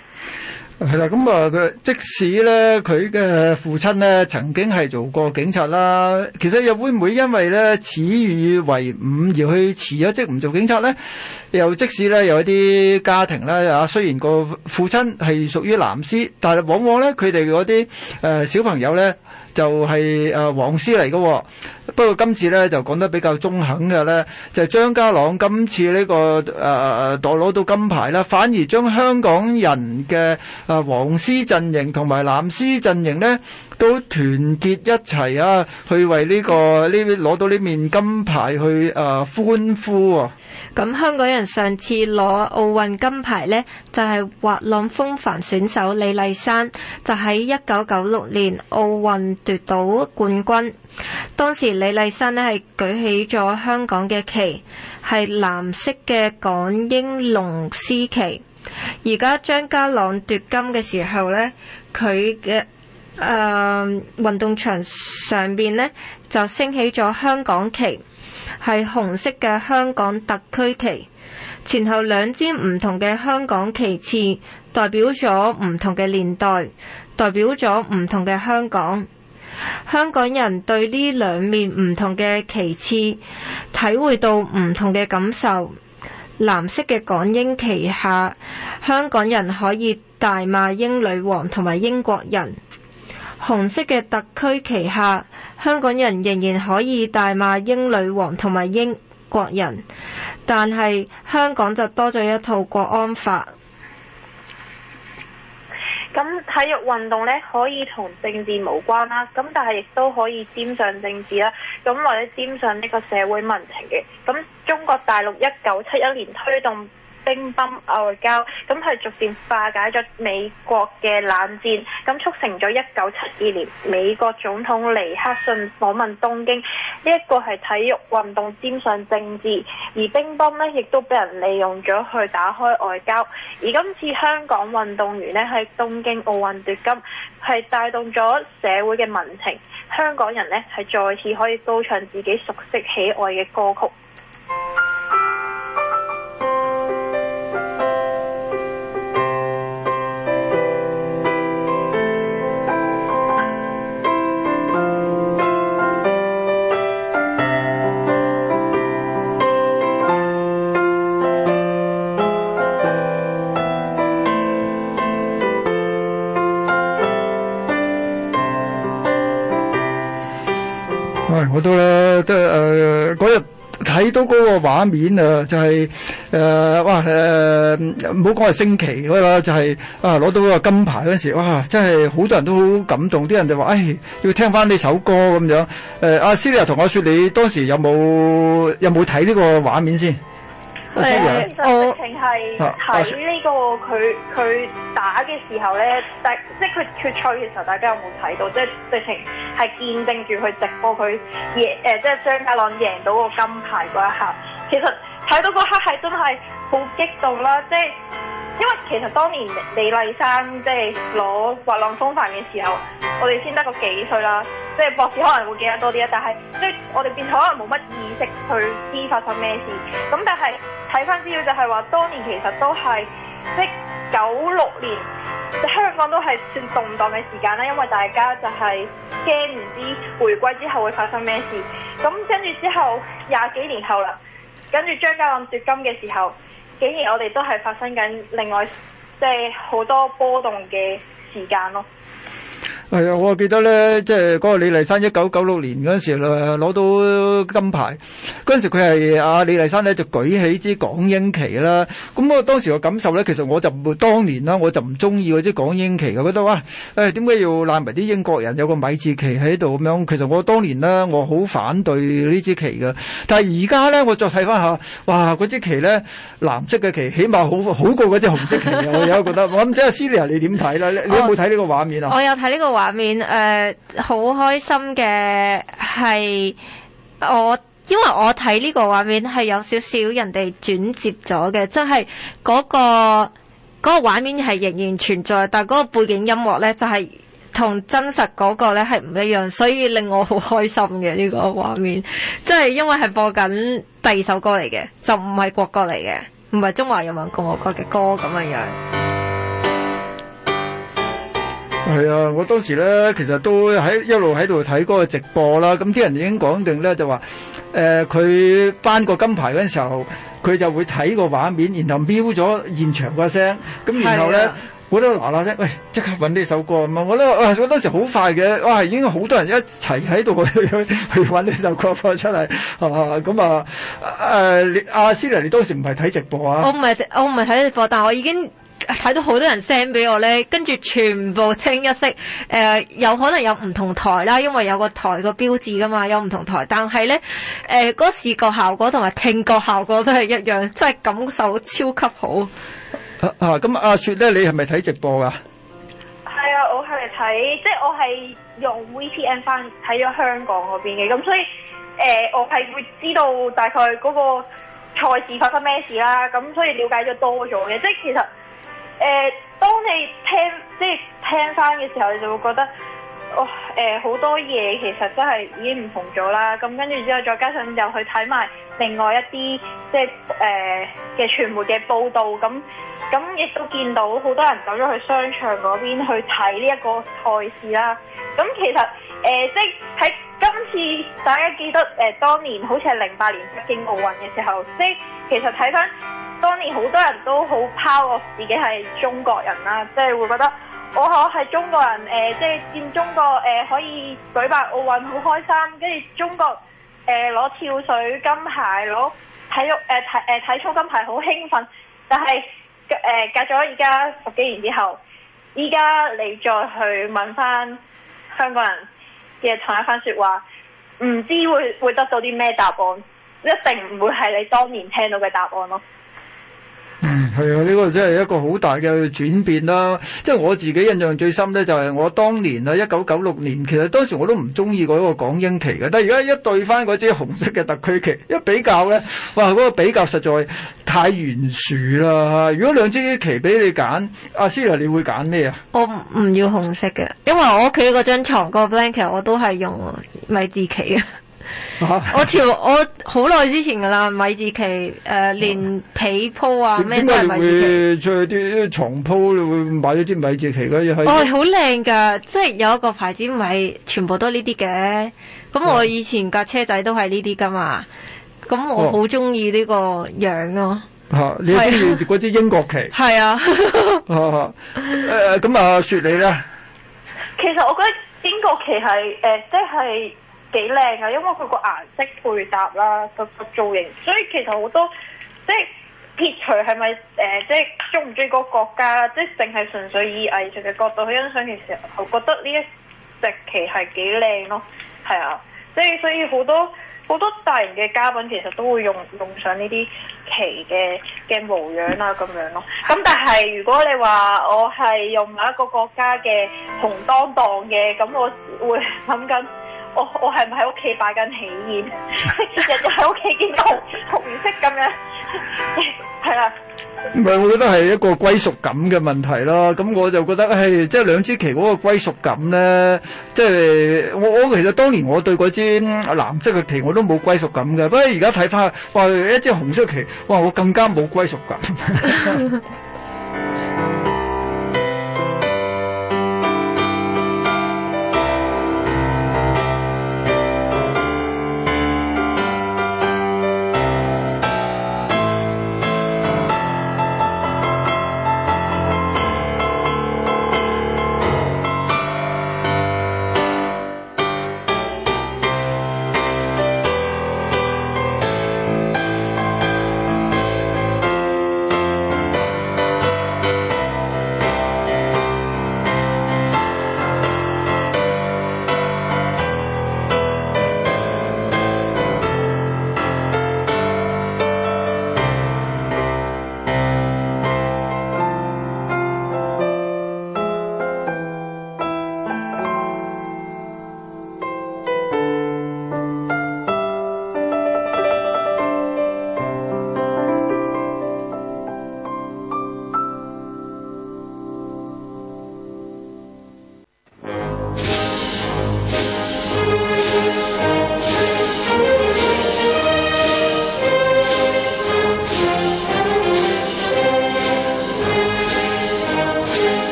係啦。咁啊，即使咧佢嘅父親咧曾經係做過警察啦，其實又會唔會因為咧恥與為伍而去辭咗職唔做警察咧？又即使咧有一啲家庭咧啊，雖然個父親係屬於藍絲，但係往往咧佢哋嗰啲誒小朋友咧。就係誒黃絲嚟嘅，不過今次咧就講得比較中肯嘅咧，就係張家朗今次呢個誒誒誒攞到金牌啦，反而將香港人嘅誒黃絲陣營同埋藍絲陣營咧都團結一齊啊，去為呢個呢攞到呢面金牌去誒歡呼啊！咁香港人上次攞奧運金牌咧，就係滑浪風帆選手李麗珊，就喺一九九六年奧運。奪到冠軍，當時李麗珊咧係舉起咗香港嘅旗，係藍色嘅港英龍獅旗。而家張家朗奪金嘅時候呢，佢嘅誒運動場上邊呢，就升起咗香港旗，係紅色嘅香港特區旗。前後兩支唔同嘅香港旗幟，代表咗唔同嘅年代，代表咗唔同嘅香港。香港人對呢兩面唔同嘅旗幟，體會到唔同嘅感受。藍色嘅港英旗下，香港人可以大罵英女王同埋英國人；紅色嘅特區旗下，香港人仍然可以大罵英女王同埋英國人。但係香港就多咗一套國安法。咁體育運動咧可以同政治無關啦，咁但係亦都可以沾上政治啦，咁或者沾上呢個社會民情嘅。咁中國大陸一九七一年推動乒乓外交，咁係逐漸化解咗美國嘅冷戰，咁促成咗一九七二年美國總統尼克遜訪問東京。呢一個係體育運動沾上政治，而乒乓呢亦都俾人利用咗去打開外交。而今次香港運動員呢喺東京奧運奪金，係帶動咗社會嘅民情。香港人呢係再次可以高唱自己熟悉喜愛嘅歌曲。 都咧，都誒嗰日睇到嗰個畫面，就係呃哇呃就係、啊，就係嘩，唔好講係升旗嗰個，就係啊攞到個金牌嗰陣時，嘩，真係好多人都好感動，啲人就話：哎要聽返你首歌咁樣。誒、呃啊、阿雪又同我說，你當時有冇有冇睇呢個畫面先？誒、 啊啊，其實直情係睇呢個佢佢、啊、打嘅時候咧，大、啊、即係佢決賽嘅時候，大家有冇睇到？即係直情係見證住佢直播佢贏誒，即係張家朗贏到個金牌嗰一刻。其實睇到嗰刻係真係好激動啦，即係。因為其實當年李麗珊即係攞滑浪風帆嘅時候，我哋先得個幾歲啦，即係博士可能會記得多啲啦。但係即係我哋變可能冇乜意識去知發生咩事。咁但係睇翻資料就係話，當年其實都係即九六年，香港都係算動盪嘅時間啦。因為大家就係驚唔知回歸之後會發生咩事。咁跟住之後廿幾年後啦，跟住張家朗奪金嘅時候。竟然我哋都係發生緊另外，即係好多波動嘅時間咯。係啊，我記得咧，即係嗰個李麗珊一九九六年嗰時，誒攞到金牌。嗰時佢係阿李麗珊呢，就舉起支港英旗啦。咁我當時嘅感受咧，其實我就唔當年啦，我就唔中意嗰支港英旗嘅。覺得哇，誒點解要賴埋啲英國人有個米字旗喺度咁樣？其實我當年咧，我好反對呢支旗嘅。但係而家咧，我再睇翻下，哇嗰支旗呢，藍色嘅旗起碼好好過嗰支紅色旗 我有覺得。我唔知阿 c e l 你點睇啦？Oh, 你有冇睇呢個畫面啊？我有睇。呢呢個畫面誒，好、呃、開心嘅係我，因為我睇呢個畫面係有少少人哋轉接咗嘅，即係嗰個嗰、嗰個畫面係仍然存在，但係嗰個背景音樂呢，就係、係、同真實嗰個呢係唔一樣，所以令我好開心嘅呢、呢個畫面，即、就、係、係、因為係播緊第二首歌嚟嘅，就唔係國歌嚟嘅，唔係中華人民共和國嘅歌咁嘅樣。係啊，我當時咧，其實都喺一路喺度睇嗰個直播啦。咁啲人已經講定咧，就話誒，佢頒個金牌嗰陣時候，佢就會睇個畫面，然後標咗現場個聲。咁然後咧，我都嗱嗱聲，喂、哎，即刻搵呢首歌啊嘛！我都，啊、我都當時好快嘅，哇，已經好多人一齊喺度去去搵呢首歌播出嚟，咁啊，誒、啊，阿詩玲，啊你，啊、Silly，你當時唔係睇直播啊？我唔係，我唔係睇直播，但我已經。睇到好多人 send 俾我咧，跟住全部清一色。誒、呃，有可能有唔同台啦，因為有個台個標誌噶嘛，有唔同台。但係咧，誒嗰視覺效果同埋聽覺效果都係一樣，真係感受超級好。啊咁阿、啊、雪咧，你係咪睇直播噶？係啊，我係睇，即係我係用 VPN 翻睇咗香港嗰邊嘅，咁所以誒、呃，我係會知道大概嗰個賽事發生咩事啦。咁所以了解咗多咗嘅，即係其實。誒、呃，當你聽即係聽返嘅時候，你就會覺得，哇、哦！誒、呃，好多嘢其實真係已經唔同咗啦。咁跟住之後，再加上又去睇埋另外一啲即係誒嘅傳媒嘅報道，咁咁亦都見到好多人走咗去了商場嗰邊去睇呢一個賽事啦。咁其實誒、呃，即係喺。今次大家記得誒、呃，當年好似係零八年北京奧運嘅時候，即係其實睇翻當年好多人都好 proud 自己係中國人啦，即係會覺得我可係中國人誒、呃，即係見中國誒、呃、可以舉辦奧運好開心，跟住中國誒攞、呃、跳水金牌，攞體育誒、呃、體誒、呃、體操金牌好興奮。但係誒、呃、隔咗而家十幾年之後，依家你再去問翻香港人。嘅同一番說話，唔知會會得到啲咩答案，一定唔會係你當年聽到嘅答案咯。嗯，係啊，呢、這個真係一個好大嘅轉變啦。即、就、係、是、我自己印象最深咧，就係我當年啊，一九九六年，其實當時我都唔鍾意嗰個港英旗嘅。但係而家一對翻嗰支紅色嘅特區旗，一比較咧，哇，嗰、那個比較實在太懸殊啦。如果兩支旗俾你揀，阿、啊、Sir，你會揀咩啊？我唔要紅色嘅，因為我屋企嗰張床、那個 blanket 我都係用米字旗。嘅。啊、我條我好耐之前噶啦，米字旗誒、呃，連被鋪啊咩、啊、都係米字旗。應該啲床鋪你會買咗啲米字旗嘅嘢。我係好靚噶，即係有一個牌子唔係，全部都呢啲嘅。咁我以前架車仔都係呢啲噶嘛。咁、啊、我好中意呢個樣咯、啊。吓、啊，你中意嗰隻英國旗？係啊。誒，咁啊、雪、啊啊啊 啊啊、你咧？其實我覺得英國旗係誒，即、呃、係。就是幾靚啊！因為佢個顏色配搭啦，佢個造型，所以其實好多即係撇除係咪誒，即係中唔中意個國家，即係淨係純粹以藝術嘅角度去欣賞。其實我覺得呢一隻旗係幾靚咯，係啊，即係所以好多好多大型嘅家品其實都會用用上呢啲旗嘅嘅模樣啊咁樣咯。咁但係如果你話我係用某一個國家嘅紅噹噹嘅，咁我會諗緊。我我係咪喺屋企擺緊喜宴，日日喺屋企見到紅紅色咁樣，係啦。唔係，我覺得係一個歸屬感嘅問題咯。咁我就覺得，係即係兩支旗嗰個歸屬感咧，即係我我其實當年我對嗰支藍色嘅旗我都冇歸屬感嘅。不過而家睇翻，哇一支紅色旗，哇我更加冇歸屬感。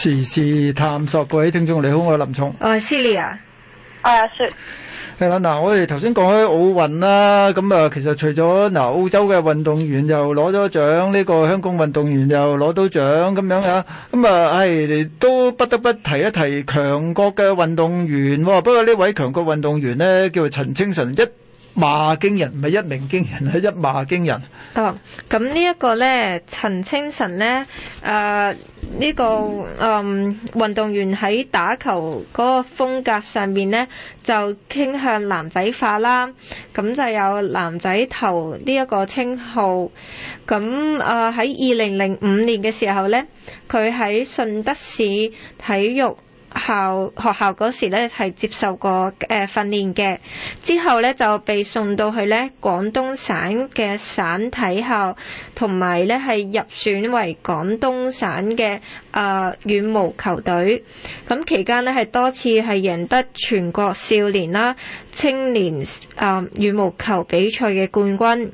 時事探索，各位聽眾你好，我係林聰，我係 Celia，我係阿雪。嗱，我哋頭先講開奧運啦。咁啊，其實除咗嗱澳洲嘅運動員又攞咗獎，呢個香港運動員又攞到獎，咁樣啊。咁啊，唉，都不得不提一提強國嘅運動員。不過呢位強國運動員呢，叫做陳清晨一罵驚人，唔係一鳴驚人啊，一罵驚人。哦，咁呢一個呢，陳清晨呢，誒、呃、呢、呢個嗯運動員喺打球嗰個風格上面呢，就傾向男仔化啦，咁就有男仔頭呢一個稱號。咁啊喺二零零五年嘅時候呢，佢喺順德市體育。校學校嗰時咧係接受過誒訓練嘅，之後咧就被送到去咧廣東省嘅省體校，同埋咧係入選為廣東省嘅誒羽毛球隊。咁期間咧係多次係贏得全國少年啦、青年啊羽毛球比賽嘅冠軍。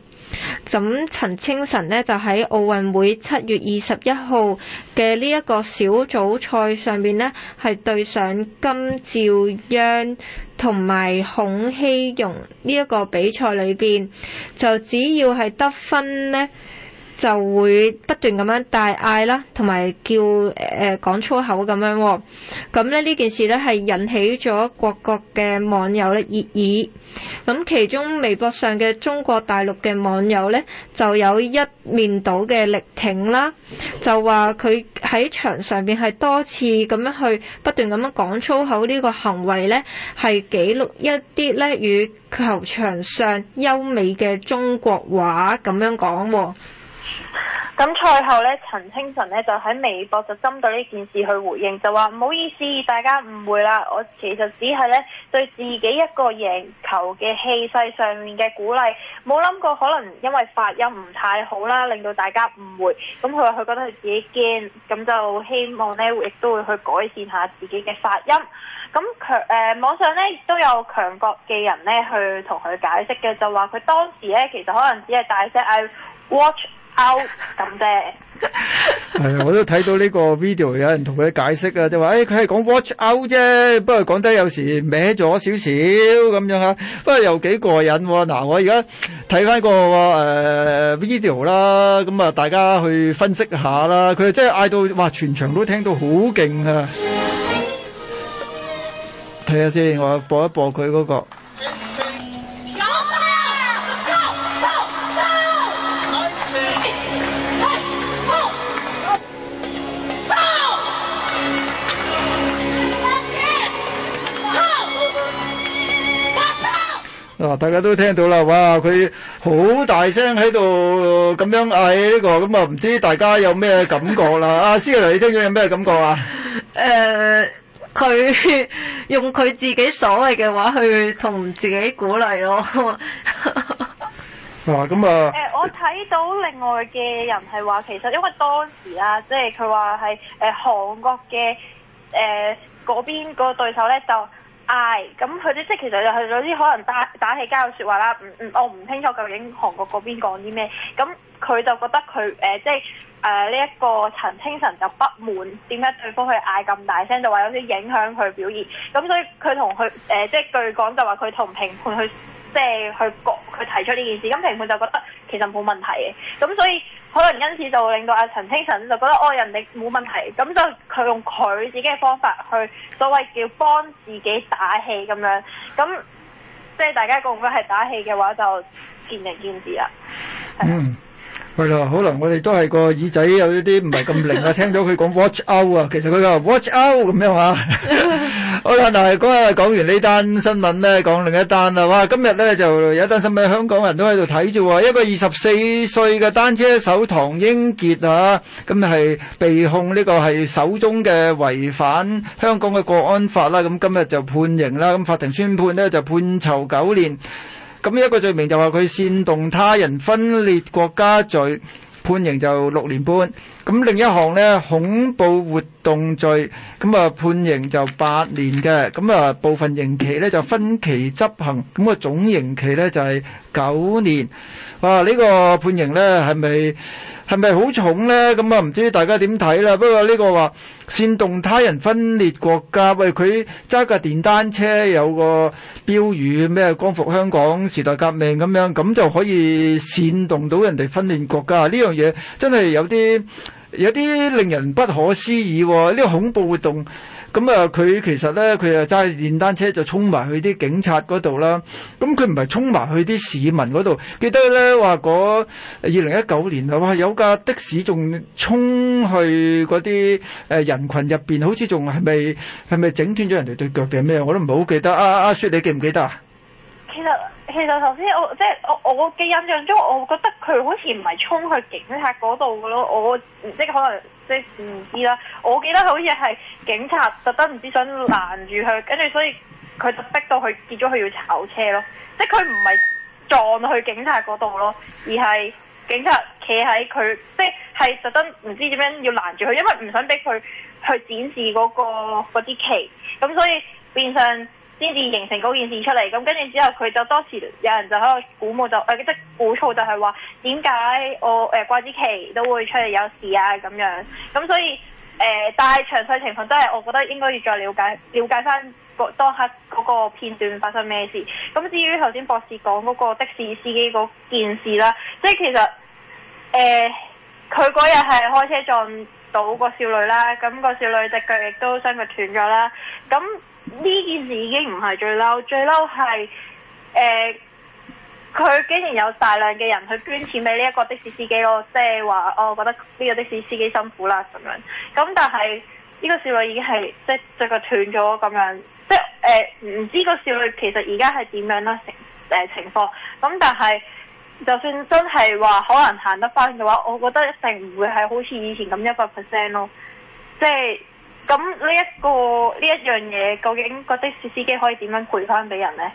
咁陳清晨呢，就喺奧運會七月二十一號嘅呢一個小組賽上邊呢，係對上金照央同埋孔熙容呢一個比賽裏邊，就只要係得分呢，就會不斷咁樣大嗌啦，同埋叫誒講粗口咁樣。咁咧呢件事咧係引起咗各國嘅網友咧熱議。咁其中微博上嘅中國大陸嘅網友咧就有一面倒嘅力挺啦，就話佢喺場上邊係多次咁樣去不斷咁樣講粗口呢個行為咧係記錄一啲咧羽球場上優美嘅中國話咁樣講喎。咁賽後咧，陳清晨咧就喺微博就針對呢件事去回應，就話，唔好意思，大家誤會啦。我其實只係咧對自己一個贏球嘅氣勢上面嘅鼓勵，冇諗過可能因為發音唔太好啦，令到大家誤會。咁佢話佢覺得佢自己驚，咁就希望咧亦都會去改善下自己嘅發音。咁強誒，網上咧亦都有強國嘅人咧去同佢解釋嘅，就話佢當時咧其實可能只係大聲嗌 watch。out 咁啫，係啊！我都睇到呢個 video，有人同佢解釋啊，即係話，誒，佢係講 watch out 啫，不過講得有時歪咗少少咁樣啊，不過又幾過癮。嗱，我而家睇翻個誒 video 啦，咁啊，大家去分析下啦。佢真係嗌到，哇！全場都聽到好勁啊！睇下先，我播一播佢嗰個。嗱、啊，大家都聽到啦，哇！佢好大聲喺度咁樣嗌呢、呢個，咁啊，唔知大家有咩感覺啦？阿思玉玲，你聽咗有咩感覺啊？誒、呃，佢用佢自己所謂嘅話去同自己鼓勵咯。哇！咁啊，誒、嗯啊呃，我睇到另外嘅人係話，其實因為當時啦、啊，即係佢話係誒韓國嘅誒嗰邊個對手咧就。嗌，咁佢啲即係其實就係有啲可能打打起交説話啦，唔、嗯、唔我唔清楚究竟韓國嗰邊講啲咩，咁佢就覺得佢誒、呃、即係誒呢一個陳清晨就不滿，點解對方去嗌咁大聲，就話有啲影響佢表現，咁所以佢同佢誒即係據講就話佢同評判去即係去講，佢提出呢件事，咁評判就覺得其實冇問題嘅，咁所以。可能因此就令到阿陳清晨就覺得哦，人哋冇問題，咁就佢用佢自己嘅方法去所謂叫幫自己打氣咁樣，咁即係大家講緊係打氣嘅話，就見仁見智啦。係。嗯。係啦，可能我哋都係個耳仔有啲唔係咁靈啊， 聽到佢講 watch out 啊，其實佢又 watch out 咁樣啊。 好啦，嗱，講完呢單新聞呢，講另一單啦。哇，今日呢，就有一單新聞，香港人都喺度睇住啊，一個二十四歲嘅單車手唐英傑啊，咁、嗯、係被控呢個係首宗嘅違反香港嘅國安法啦，咁、啊嗯、今日就判刑啦，咁、啊嗯、法庭宣判呢，就判囚九年。咁一個罪名就話佢煽動他人分裂國家罪，判刑就六年半；咁另一項呢，恐怖活動罪，咁啊判刑就八年嘅，咁啊部分刑期呢，就分期執行，咁個總刑期呢，就係九年。話呢、呢個判刑呢，係咪？係咪好重呢？咁、嗯、啊，唔知大家點睇啦。不過呢個話煽動他人分裂國家，喂，佢揸架電單車有個標語咩光復香港時代革命咁樣，咁就可以煽動到人哋分裂國家。呢樣嘢真係有啲有啲令人不可思議喎、哦。呢、呢個恐怖活動。咁啊，佢其實咧，佢又揸電單車就衝埋去啲警察嗰度啦。咁佢唔係衝埋去啲市民嗰度。記得咧話嗰二零一九年啊，哇，有架的士仲衝去嗰啲人群入邊，好似仲係咪係咪整斷咗人哋對腳定咩？我都唔係好記得啊，阿雪，你記唔記得啊？其實其實頭先我即係我我嘅印象中，我覺得佢好似唔係衝去警察嗰度嘅咯。我即係可能即係唔知啦。我記得好似係警察特登唔知想攔住佢，跟住所以佢就逼到佢結咗佢要炒車咯。即係佢唔係撞去警察嗰度咯，而係警察企喺佢，即係特登唔知點樣要攔住佢，因為唔想逼佢去展示嗰個嗰啲旗，咁所以變相，先至形成嗰件事出嚟，咁跟住之後佢就當時有人就喺度估冇就誒即估錯，就係話點解我誒過咗期都會出嚟有事啊咁樣，咁所以誒、呃，但係詳細情況都係我覺得應該要再了解了解返個當刻嗰個片段發生咩事。咁至於頭先博士講嗰個的士司機嗰件事啦，即係其實誒，佢嗰日係開車撞。到個少女啦，咁個少女隻腳亦都身腳斷咗啦。咁呢件事已經唔係最嬲，最嬲係誒佢竟然有大量嘅人去捐錢俾呢一個的士司機咯，即係話我覺得呢個的士司機辛苦啦咁樣。咁但係呢個少女已經係即係隻腳斷咗咁樣，即係誒唔知個少女其實而家係點樣啦、呃？情誒情況咁，但係。就算真係話可能行得翻嘅話，我覺得一定唔會係好似以前咁一百 percent 咯。即係咁呢一個呢一樣嘢，究竟個的士司機可以點樣賠翻俾人咧？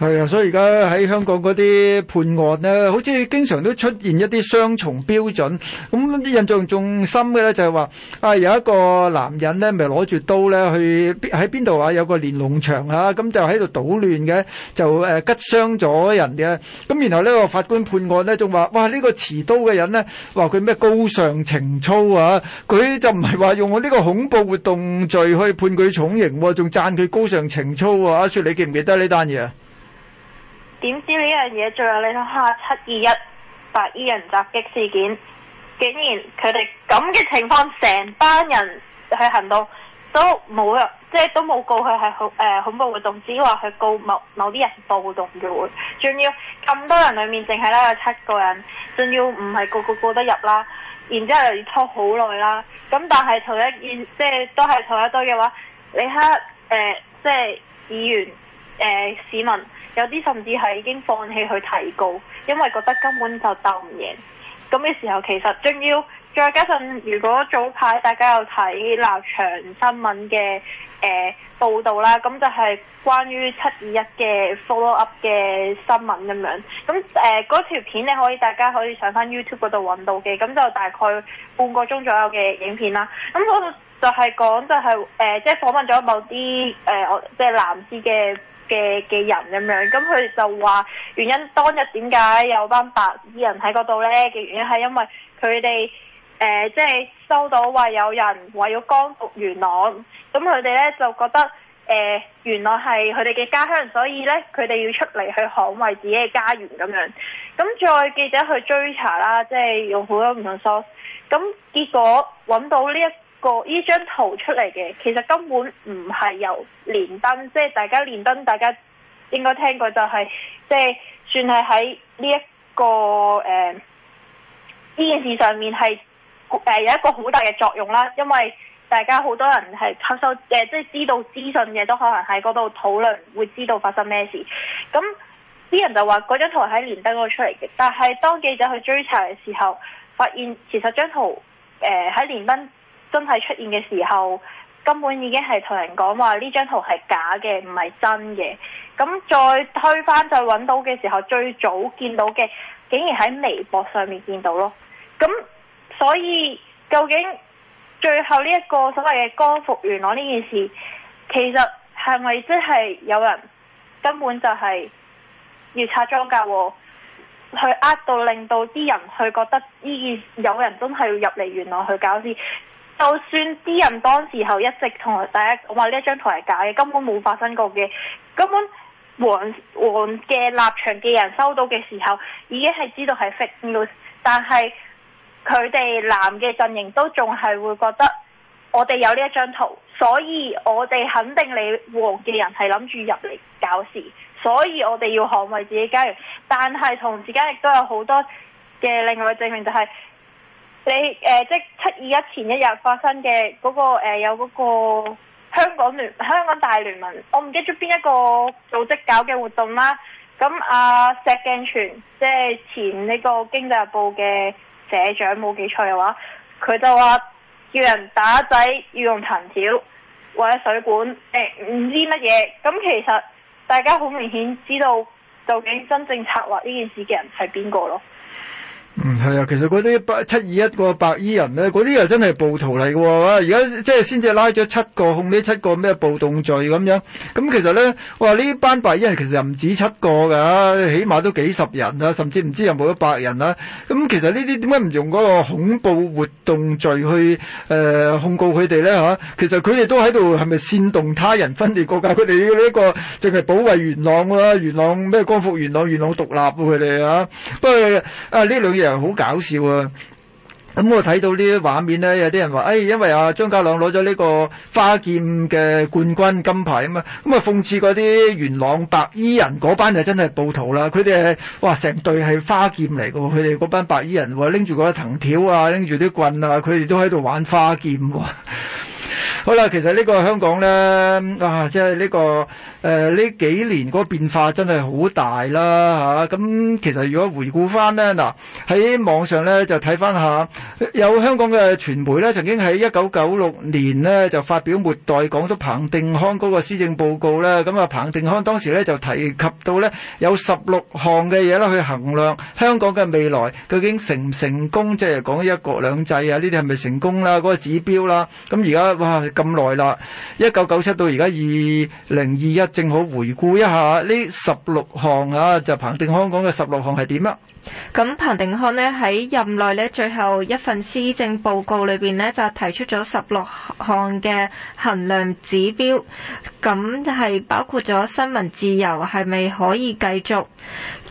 係啊，所以而家喺香港嗰啲判案呢，好似經常都出現一啲雙重標準。咁印象仲深嘅咧，就係話啊，有一個男人呢咪攞住刀咧去喺邊度啊？有個連儂牆啊，咁就喺度搗亂嘅，就誒拮、呃、傷咗人嘅。咁、啊、然後呢個法官判案呢，仲話哇呢、呢個持刀嘅人呢，話佢咩高尚情操啊？佢就唔係話用我呢個恐怖活動罪去判佢重刑，仲讚佢高尚情操啊！阿、啊、雪，說你記唔記得呢單嘢啊？點知呢樣嘢，最後你睇下七二一白衣人襲擊事件，竟然佢哋咁嘅情況，成班人去行動都冇，即係都冇告佢係恐、誒、恐怖活動，只話去告某某啲人暴動嘅喎，仲要咁多人裏面淨係拉咗七個人，仲要唔係個個過得入啦，然之後又要拖好耐啦。咁但係同一件，即係都係同一堆嘅話，你睇誒、呃，即係議員。誒、呃、市民有啲甚至係已經放棄去提告，因為覺得根本就鬥唔贏。咁嘅時候其實仲要再加上，如果早排大家有睇立場新聞嘅、呃、報道啦，咁就係關於七二一嘅 follow up 嘅新聞咁樣。咁誒嗰條片咧，可以大家可以上返 YouTube 嗰度揾到嘅，咁就大概半個鐘左右嘅影片啦。咁就係、是、講就係、是、誒，即、呃、係、就是、訪問咗某啲誒，即係藍字嘅嘅嘅人咁樣。咁佢就話原因當日點解有班白衣人喺嗰度咧嘅原因係因為佢哋誒，即、呃、係、就是、收到話有人為咗光復元朗，咁佢哋咧就覺得誒、呃、元朗係佢哋嘅家鄉，所以咧佢哋要出嚟去捍衞自己嘅家園咁樣。咁再記者去追查啦，即、就、係、是、用好多唔同 source，咁結果揾到呢一個呢張圖出嚟嘅，其實根本唔係由連登，即、就、係、是、大家連登，大家應該聽過、就是，就係即係算係喺呢一個誒呢、呃、件事上面係誒、呃、有一個好大嘅作用啦。因為大家好多人係吸收誒，即、就、係、是、知道資訊嘅，都可能喺嗰度討論，會知道發生咩事。咁啲人就話嗰張圖喺連登嗰度出嚟嘅，但係當記者去追查嘅時候，發現其實張圖誒喺、呃、連登。真係出現嘅時候，根本已經係同人講話呢張圖係假嘅，唔係真嘅。咁再推翻再揾到嘅時候，最早見到嘅竟然喺微博上面見到咯。咁所以究竟最後呢、這、一個所謂嘅光復元朗呢件事，其實係咪真係有人根本就係要拆裝架，去呃到令到啲人去覺得呢件事有人真係要入嚟元朗去搞事？就算啲人當時候一直同大家話呢一張圖係假嘅，根本冇發生過嘅，根本黃黃嘅立場嘅人收到嘅時候，已經係知道係 fake news，但係佢哋男嘅陣營都仲係會覺得我哋有呢一張圖，所以我哋肯定你黃嘅人係諗住入嚟搞事，所以我哋要捍衛自己家園，但係同時間亦都有好多嘅另外嘅證明就係、是。你誒、呃、即七二一前一日發生嘅嗰、那個、呃、有嗰個香港聯香港大聯盟，我唔記得咗邊一個組織搞嘅活動啦。咁阿、啊、石鏡全石鏡泉即前呢、這個經濟日報嘅社長，冇記錯嘅話，佢就話叫人打仔要用藤條或者水管誒唔、呃、知乜嘢。咁其實大家好明顯知道究竟真正策劃呢件事嘅人係邊個咯？嗯，係啊，其實嗰啲七二一個白衣人咧，嗰啲又真係暴徒嚟嘅喎，而家即係先至拉咗七個控呢七個咩暴動罪咁樣，咁、嗯、其實咧，哇呢班白衣人其實又唔止七個噶、啊，起碼都幾十人啊，甚至唔知有冇一百人啊。咁、嗯、其實呢啲點解唔用嗰個恐怖活動罪去誒、呃、控告佢哋咧？吓，其實佢哋都喺度係咪煽動他人分裂國家？佢哋呢個個，淨係保衛元朗啦、啊，元朗咩光復元朗、元朗獨立佢、啊、哋啊。不過啊呢兩樣。好搞笑啊！咁我睇到呢啲畫面呢，有啲人話，誒、哎，因為啊張家朗攞咗呢個花劍嘅冠軍金牌啊嘛，咁啊諷刺嗰啲元朗白衣人嗰班就真係暴徒啦！佢哋係哇，成隊係花劍嚟噶，佢哋嗰班白衣人拎住嗰藤條啊，拎住啲棍啊，佢哋都喺度玩花劍喎。好啦，其實呢個香港咧，啊，即係呢個誒呢幾年嗰個變化真係好大啦嚇。咁其實如果回顧翻咧，嗱喺網上咧就睇翻下，有香港嘅傳媒咧曾經喺一九九六年咧就發表末代港督彭定康嗰個施政報告咧。咁啊，彭定康當時咧就提及到咧有十六項嘅嘢啦，去衡量香港嘅未來究竟成唔成功，即係講一國兩制啊呢啲係咪成功啦嗰個指標啦。咁而家哇！咁耐啦，一九九七到而家二零二一，正好回顧一下呢十六項啊，就彭定康講嘅十六項係點啊？咁彭定康咧喺任內咧最後一份施政報告裏邊咧就提出咗十六項嘅衡量指標，咁係包括咗新聞自由係咪可以繼續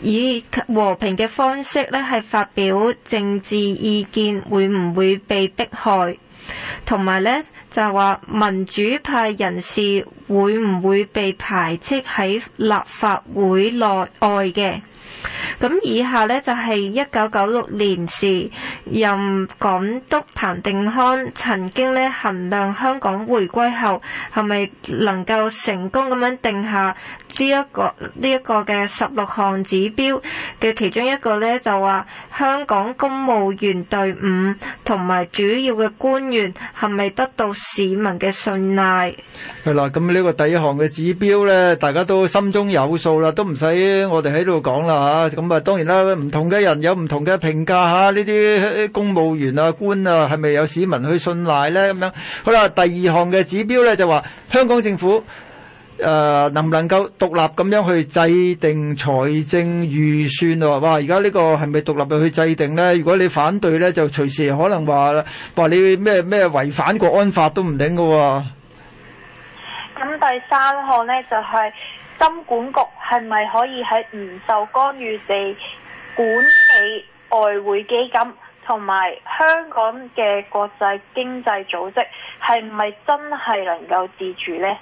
以和平嘅方式咧係發表政治意見，會唔會被迫害？同埋呢，就係話民主派人士會唔會被排斥喺立法會內外嘅？咁以下呢就係一九九六年時任港督彭定康曾經呢衡量香港回歸後係咪能夠成功咁樣定下呢一個呢一個嘅十六項指標嘅其中一個呢就話香港公務員隊伍同埋主要嘅官員係咪得到市民嘅信賴？係啦，咁呢個第一項嘅指標呢，大家都心中有數啦，都唔使我哋喺度講啦嚇。咁啊，當然啦，唔同嘅人有唔同嘅評價嚇，呢啲公務員啊、官啊，係咪有市民去信賴呢？咁樣好啦，第二項嘅指標呢，就話香港政府誒能唔能夠獨立咁樣去制定財政預算喎？哇！而家呢個係咪獨立去制定呢？如果你反對呢，就隨時可能話話你咩咩違反國安法都唔定嘅喎。咁第三項呢就係。金管局係咪可以喺唔受干預地管理外匯基金？同埋香港嘅國際經濟組織係咪真係能夠自住咧？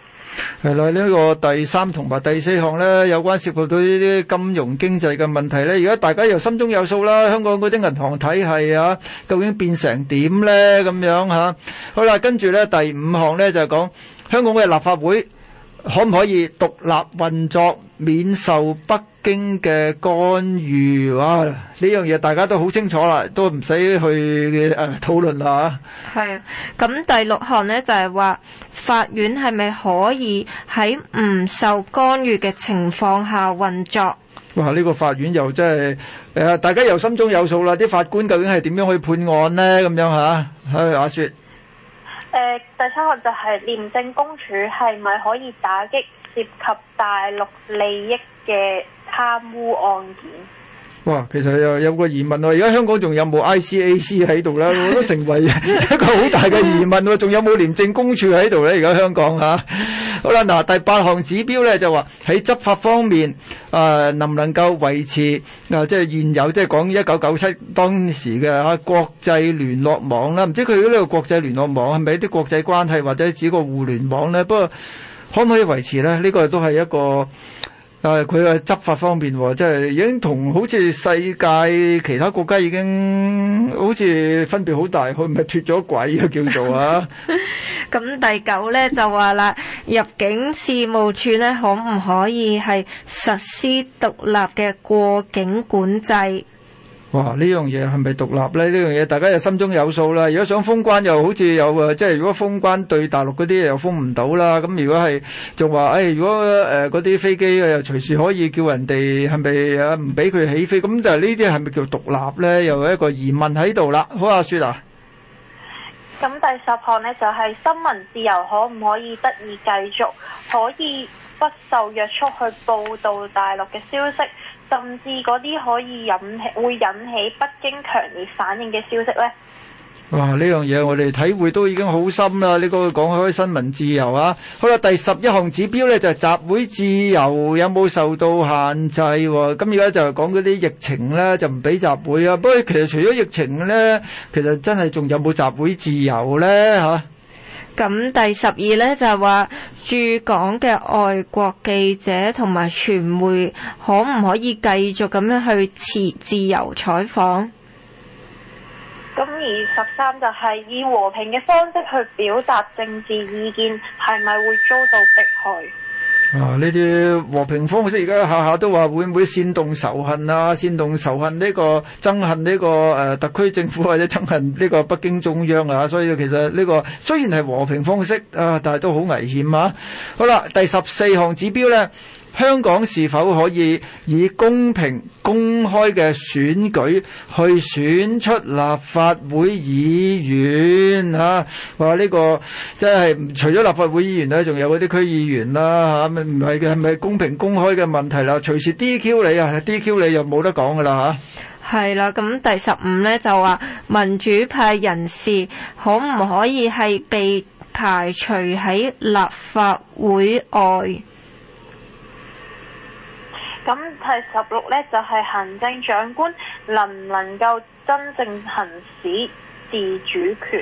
係啦，呢個第三同埋第四項咧，有關涉及到呢啲金融經濟嘅問題咧。而家大家又心中有數啦，香港嗰啲銀行體系啊，究竟變成點咧？咁樣嚇，好啦，跟住咧第五項咧就係講香港嘅立法會。可唔可以獨立運作，免受北京嘅干預？哇！呢樣嘢大家都好清楚啦，都唔使去呃討論啦咁，呃啊啊、第六項呢，就係、是、話法院係咪可以喺唔受干預嘅情況下運作？哇！呢、這個法院又真係、呃、大家又心中有數啦。啲法官究竟係點樣去判案呢？咁樣嚇、啊？去阿雪。第三個就係廉政公署係咪可以打擊涉及大陸利益嘅貪污案件？哇，其實又有個疑問喎，而家香港仲有冇 ICAC 喺度咧？我 都成為一個好大嘅疑問喎，仲有冇廉政公署喺度咧？而家香港嚇、啊，好啦，嗱第八項指標咧就話喺執法方面，啊、呃、能唔能夠維持啊、呃？即係現有即係講一九九七當時嘅啊國際聯絡網啦，唔知佢呢個國際聯絡網係咪啲國際關係或者指個互聯網咧？不過可唔可以維持咧？呢、呢個都係一個。但係佢嘅執法方面，即係已經同好似世界其他國家已經好似分別好大，佢唔係脫咗軌啊，叫做啊。咁第九咧就話啦，入境事務處咧可唔可以係實施獨立嘅過境管制？哇！呢樣嘢係咪獨立咧？呢樣嘢大家又心中有數啦。如果想封關，又好似有誒，即係如果封關對大陸嗰啲又封唔到啦。咁如果係就話，誒如果誒嗰啲飛機又隨時可以叫人哋係咪啊，唔俾佢起飛？咁就呢啲係咪叫獨立咧？又有一個疑問喺度啦。好啊，阿雪啊，咁第十項咧就係新聞自由可唔可以得以繼續，可以不受約束去報導大陸嘅消息。甚至嗰啲可以引起、會引起北京強烈反應嘅消息呢？哇！呢樣嘢我哋體會都已經好深啦。你、這、嗰個講開新聞自由啊，好啦，第十一項指標呢，就係、是、集會自由有冇受到限制喎、啊？咁而家就係講嗰啲疫情呢，就唔俾集會啊。不過其實除咗疫情呢，其實真係仲有冇集會自由呢？嚇、啊？咁第十二呢就係話駐港嘅外國記者同埋傳媒可唔可以繼續咁樣去持自由採訪？咁而十三就係以和平嘅方式去表達政治意見，係咪會遭到迫害？啊！呢啲和平方式而家下下都話會唔會煽動仇恨啊？煽動仇恨呢個憎恨呢個誒、呃，特區政府或者憎恨呢個北京中央啊！所以其實呢個雖然係和平方式啊，但係都好危險啊！好啦，第十四項指標呢。，香港是否可以以公平、公開嘅選舉去選出立法會議員嚇？話、啊、呢、呢個即係除咗立法會議員咧，仲有嗰啲區議員啦嚇，咪唔係嘅，係咪公平公開嘅問題啦，隨時 DQ 咁第十六咧，就係行政長官能唔能夠真正行使自主權？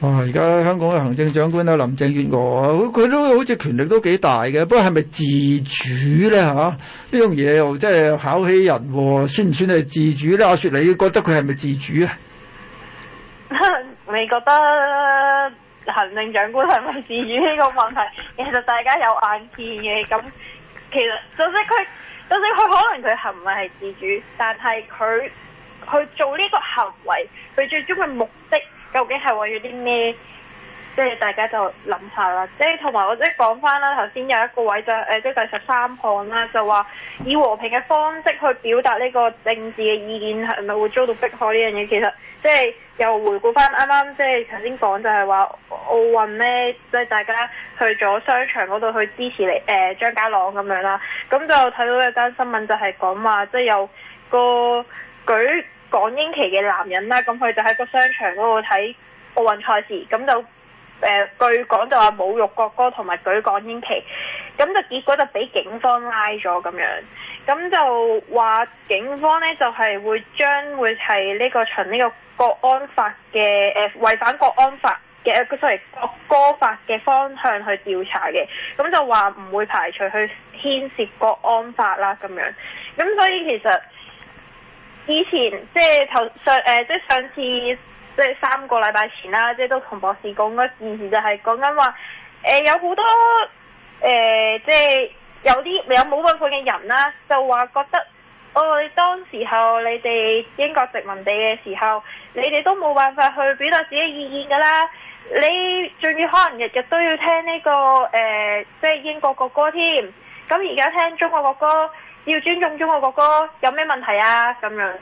啊！而家香港嘅行政長官啊，林鄭月娥，佢都好似權力都幾大嘅。不過係咪自主咧？嚇呢樣嘢又真係考起人，算唔算係自主咧？阿、啊、雪，你覺得佢係咪自主啊？你 覺得行政長官係咪自主呢個問題，其實大家有眼見嘅。咁其實，首先，佢。就算佢可能佢行為係自主，但係佢去做呢個行為，佢最終嘅目的，是目的究竟係為咗啲咩？即係大家就諗下啦，即係同埋我即係講翻啦，頭先有一個位就誒，即係第十三項啦，就話、是、以和平嘅方式去表達呢個政治嘅意見係咪會遭到迫害呢樣嘢？其實即係、就是、又回顧翻啱啱即係頭先講就係話奧運呢，即、就、係、是、大家去咗商場嗰度去支持你誒張、呃、家朗咁樣啦，咁就睇到一單新聞就係講話即係有個舉港英旗嘅男人啦，咁佢就喺個商場嗰度睇奧運賽事，咁就。誒、呃，據講就話侮辱國歌同埋舉港英旗，咁就結果就俾警方拉咗咁樣，咁就話警方咧就係、是、會將會係呢、這個循呢個國安法嘅誒違反國安法嘅，佢所謂國歌法嘅方向去調查嘅，咁就話唔會排除去牽涉國安法啦咁樣，咁所以其實以前即係頭上誒、呃、即係上次。即係三個禮拜前啦，即係都同博士講嗰件事，就係講緊話，誒有好多誒，即係有啲有冇辦法嘅人啦，就話覺得，哦，你當時候你哋英國殖民地嘅時候，你哋都冇辦法去表達自己嘅意見噶啦，你仲要可能日日都要聽呢個誒，即係英國國歌添，咁而家聽中國國歌，要尊重中國國歌，有咩問題啊？咁樣。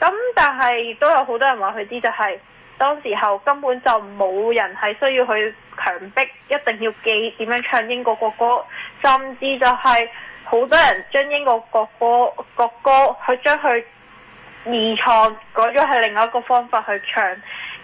咁但係都有好多人話佢知，就是，就係當時候根本就冇人係需要去強迫一定要記點樣唱英國國歌，甚至就係、是、好多人將英國國歌國歌佢將佢二創改咗係另外一個方法去唱，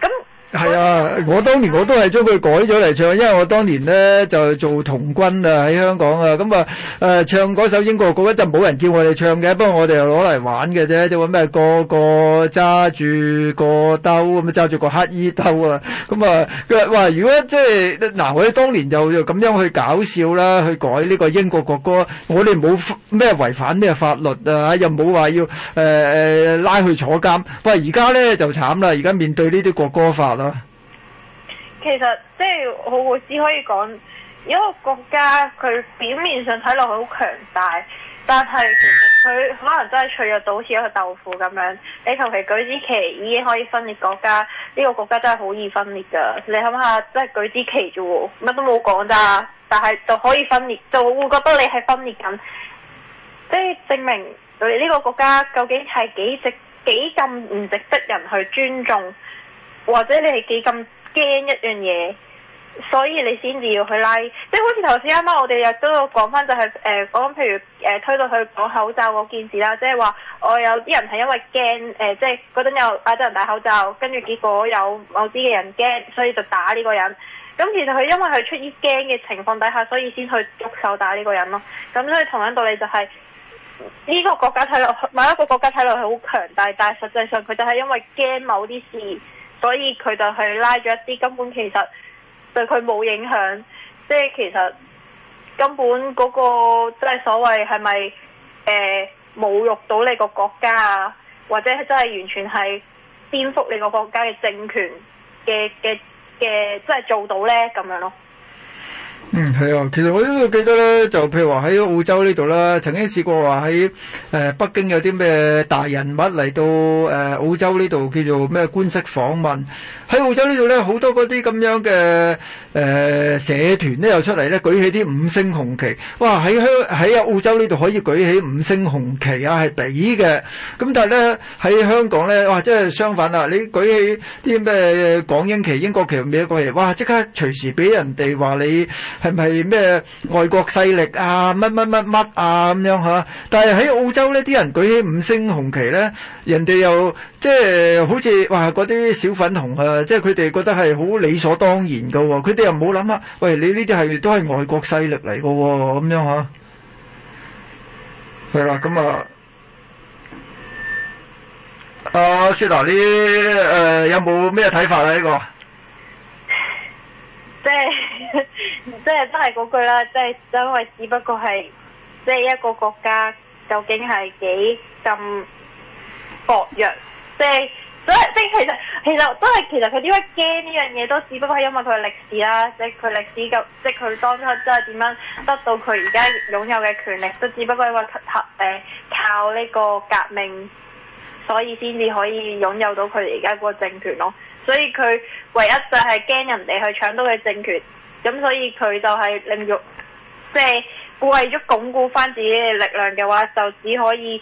咁。係啊，我當年我都係將佢改咗嚟唱，因為我當年咧就做童軍啊，喺香港啊，咁啊誒唱首英國歌咧就冇人叫我哋唱嘅，不過我哋又攞嚟玩嘅啫，就話咩個個揸住個兜咁揸住個乞衣兜啊，咁、嗯、啊，佢、呃、話、呃、如果即係嗱、呃，我哋當年就就咁樣去搞笑啦，去改呢個英國國歌，我哋冇咩違反咩法律啊，又冇話要誒誒、呃、拉去坐監。喂，而家咧就慘啦，而家面對呢啲國歌法。其實即係、就是、我只可以講，一個國家佢表面上睇落去好強大，但係其實佢可能真係脆弱到好似一個豆腐咁樣。你求其舉支旗已經可以分裂國家，呢、這個國家真係好易分裂㗎。你諗下，真係舉支旗啫，乜都冇講咋，但係就可以分裂，就會覺得你係分裂緊，即、就、係、是、證明你呢、這個國家究竟係幾值幾咁唔值得人去尊重。或者你係幾咁驚一樣嘢，所以你先至要去拉，即好似頭先啱啱我哋又都有講翻，就係講譬如、呃、推到去講口罩嗰件事啦，即係話我有啲人係因為驚即係嗰陣有亞洲人戴口罩，跟住結果有某啲嘅人驚，所以就打呢個人。咁其實佢因為佢出於驚嘅情況底下，所以先去喐手打呢個人咯。咁所以同樣道理就係呢個國家睇落去，某一個國家睇落去好強大，但係實際上佢就係因為驚某啲事。所以佢就去拉咗一啲根本其實對佢冇影響，即係其實根本嗰個即係所謂係咪誒侮辱到你個國家啊，或者係真係完全係顛覆你個國家嘅政權嘅嘅嘅，即係做到咧咁樣咯。嗯，係啊，其實我都記得咧，就譬如話喺澳洲這裏呢度啦，曾經試過話喺誒北京有啲咩大人物嚟到誒、呃、澳洲呢度叫做咩官式訪問。喺澳洲這裏呢度咧，好多嗰啲咁樣嘅誒、呃、社團咧又出嚟咧，舉起啲五星紅旗。哇，喺香喺澳洲呢度可以舉起五星紅旗啊，係俾嘅。咁但係咧喺香港咧，哇，即係相反啦。你舉起啲咩港英旗、英國旗、美國旗，哇，即刻隨時俾人哋話你。係咪咩外國勢力啊？乜乜乜乜啊咁樣吓？但係喺澳洲呢啲人舉起五星紅旗咧，人哋又即係好似話嗰啲小粉紅啊，即係佢哋覺得係好理所當然噶喎、哦。佢哋又冇諗啊，喂！你呢啲係都係外國勢力嚟噶喎，咁樣吓。係啦，咁啊，阿、啊、雪娜、啊，你誒、呃、有冇咩睇法啊？呢、這個？即係，即係，都係嗰句啦！即係，因為只不過係，即係一個國家究竟係幾咁薄弱，即係，所以，即係其實，其實都係，其實佢點解驚呢樣嘢？都只不過係因為佢嘅歷史啦，即係佢歷史，即係佢當初即係點樣得到佢而家擁有嘅權力？都只不過係個靠誒靠呢個革命，所以先至可以擁有到佢而家個政權咯。所以佢唯一就係驚人哋去搶到佢政權，咁所以佢就係利用，即、就、係、是、為咗鞏固翻自己嘅力量嘅話，就只可以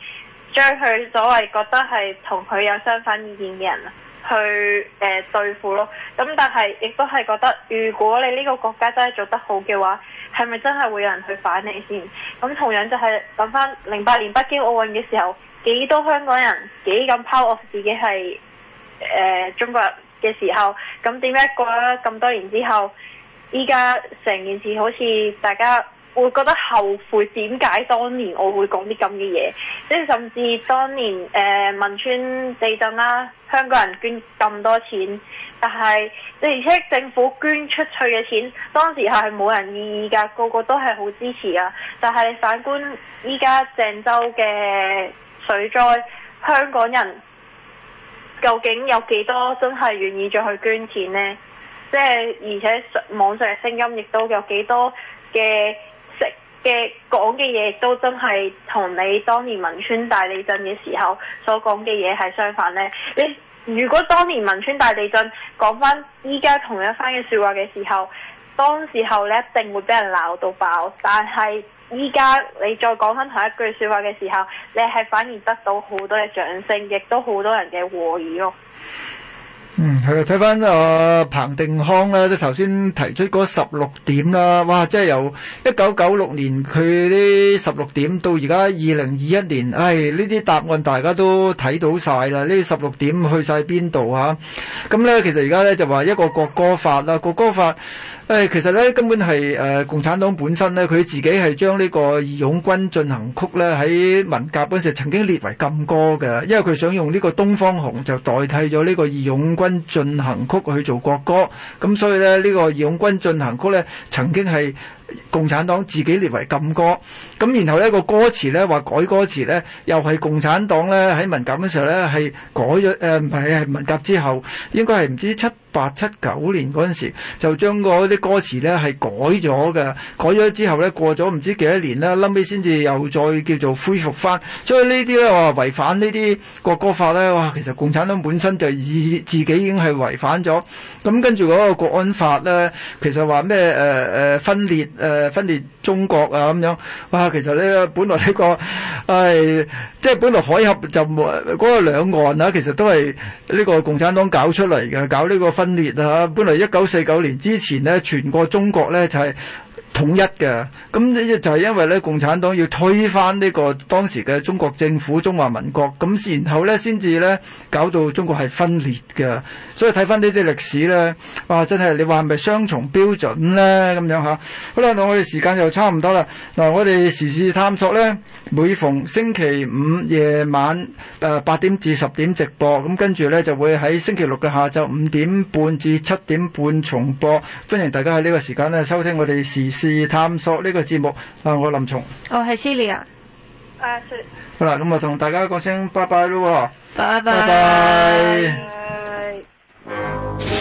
將佢所謂覺得係同佢有相反意見嘅人去，去、呃、誒對付咯。咁但係亦都係覺得，如果你呢個國家真係做得好嘅話，係咪真係會有人去反你先？咁同樣就係諗翻零八年北京奧運嘅時候，幾多香港人幾咁 proud of 自己係誒、呃、中國人。嘅時候，咁點解過咗咁多年之後，依家成件事好似大家會覺得後悔？點解當年我會講啲咁嘅嘢？即係甚至當年誒汶川地震啦，香港人捐咁多錢，但係你而且政府捐出去嘅錢，當時候係冇人異議噶，個個都係好支持啊。但係反觀依家鄭州嘅水災，香港人。究竟有幾多真係願意再去捐錢呢？即係而且網上嘅聲音亦都有幾多嘅食嘅講嘅嘢都真係同你當年汶川大地震嘅時候所講嘅嘢係相反呢。你如果當年汶川大地震講翻依家同一番嘅説話嘅時候，當時候你一定會俾人鬧到爆，但係。依家你再講翻同一句說話嘅時候，你係反而得到好多嘅掌聲，亦都好多人嘅和議咯、哦。嗯，係啊，睇翻、呃、彭定康啦。都頭先提出嗰十六點啦、啊，哇，即係由一九九六年佢呢十六點到而家二零二一年，唉、哎，呢啲答案大家都睇到曬啦，呢十六點去曬邊度啊？咁呢，其實而家呢就話一個國歌法啦，國歌法。誒，其實咧根本係、呃、共產黨本身咧，佢自己係將呢個義勇軍進行曲咧喺文革嗰時候曾經列為禁歌嘅，因為佢想用呢個《東方紅》就代替咗呢個義勇軍進行曲去做國歌，咁所以咧呢、呢個義勇軍進行曲咧曾經係共產黨自己列為禁歌，咁然後咧、嗰個歌詞咧話改歌詞咧，又係共產黨咧喺文革嘅時候咧係改咗，誒唔係係文革之後，應該係唔知七八七九年嗰陣時就將嗰啲歌詞咧係改咗嘅，改咗之後咧過咗唔知幾多年啦，臨尾先至又再叫做恢復翻，所以這些呢啲咧話違反呢啲國歌法咧，哇，其實共產黨本身就自自己已經係違反咗，咁跟住嗰、嗰個國安法咧，其實話咩誒誒分裂。呃呃誒、呃、分裂中國啊咁樣，哇！其實呢，本來呢、呢個係即係本來海峽就冇嗰、嗰個兩岸啊，其實都係呢個共產黨搞出嚟嘅，搞呢個分裂啊！本來一九四九年之前呢，全個中國呢就係、係統一嘅，咁呢就係因為咧，共產黨要推翻呢個當時嘅中國政府、中華民國，咁然後咧先至咧搞到中國係分裂嘅。所以睇翻呢啲歷史咧，哇、啊，真係你話係咪雙重標準咧咁樣吓？好啦，我哋時間又差唔多啦。嗱，我哋時事探索咧，每逢星期五夜晚誒八、呃、點至十點直播，咁跟住咧就會喺星期六嘅下晝五點半至七點半重播。歡迎大家喺呢個時間咧收聽我哋時。時事探索呢個節目，啊！我林松，我、哦、係 Celia，阿雪。好啦，咁啊，同大家講聲拜拜囉，拜拜拜拜。Bye bye bye bye bye bye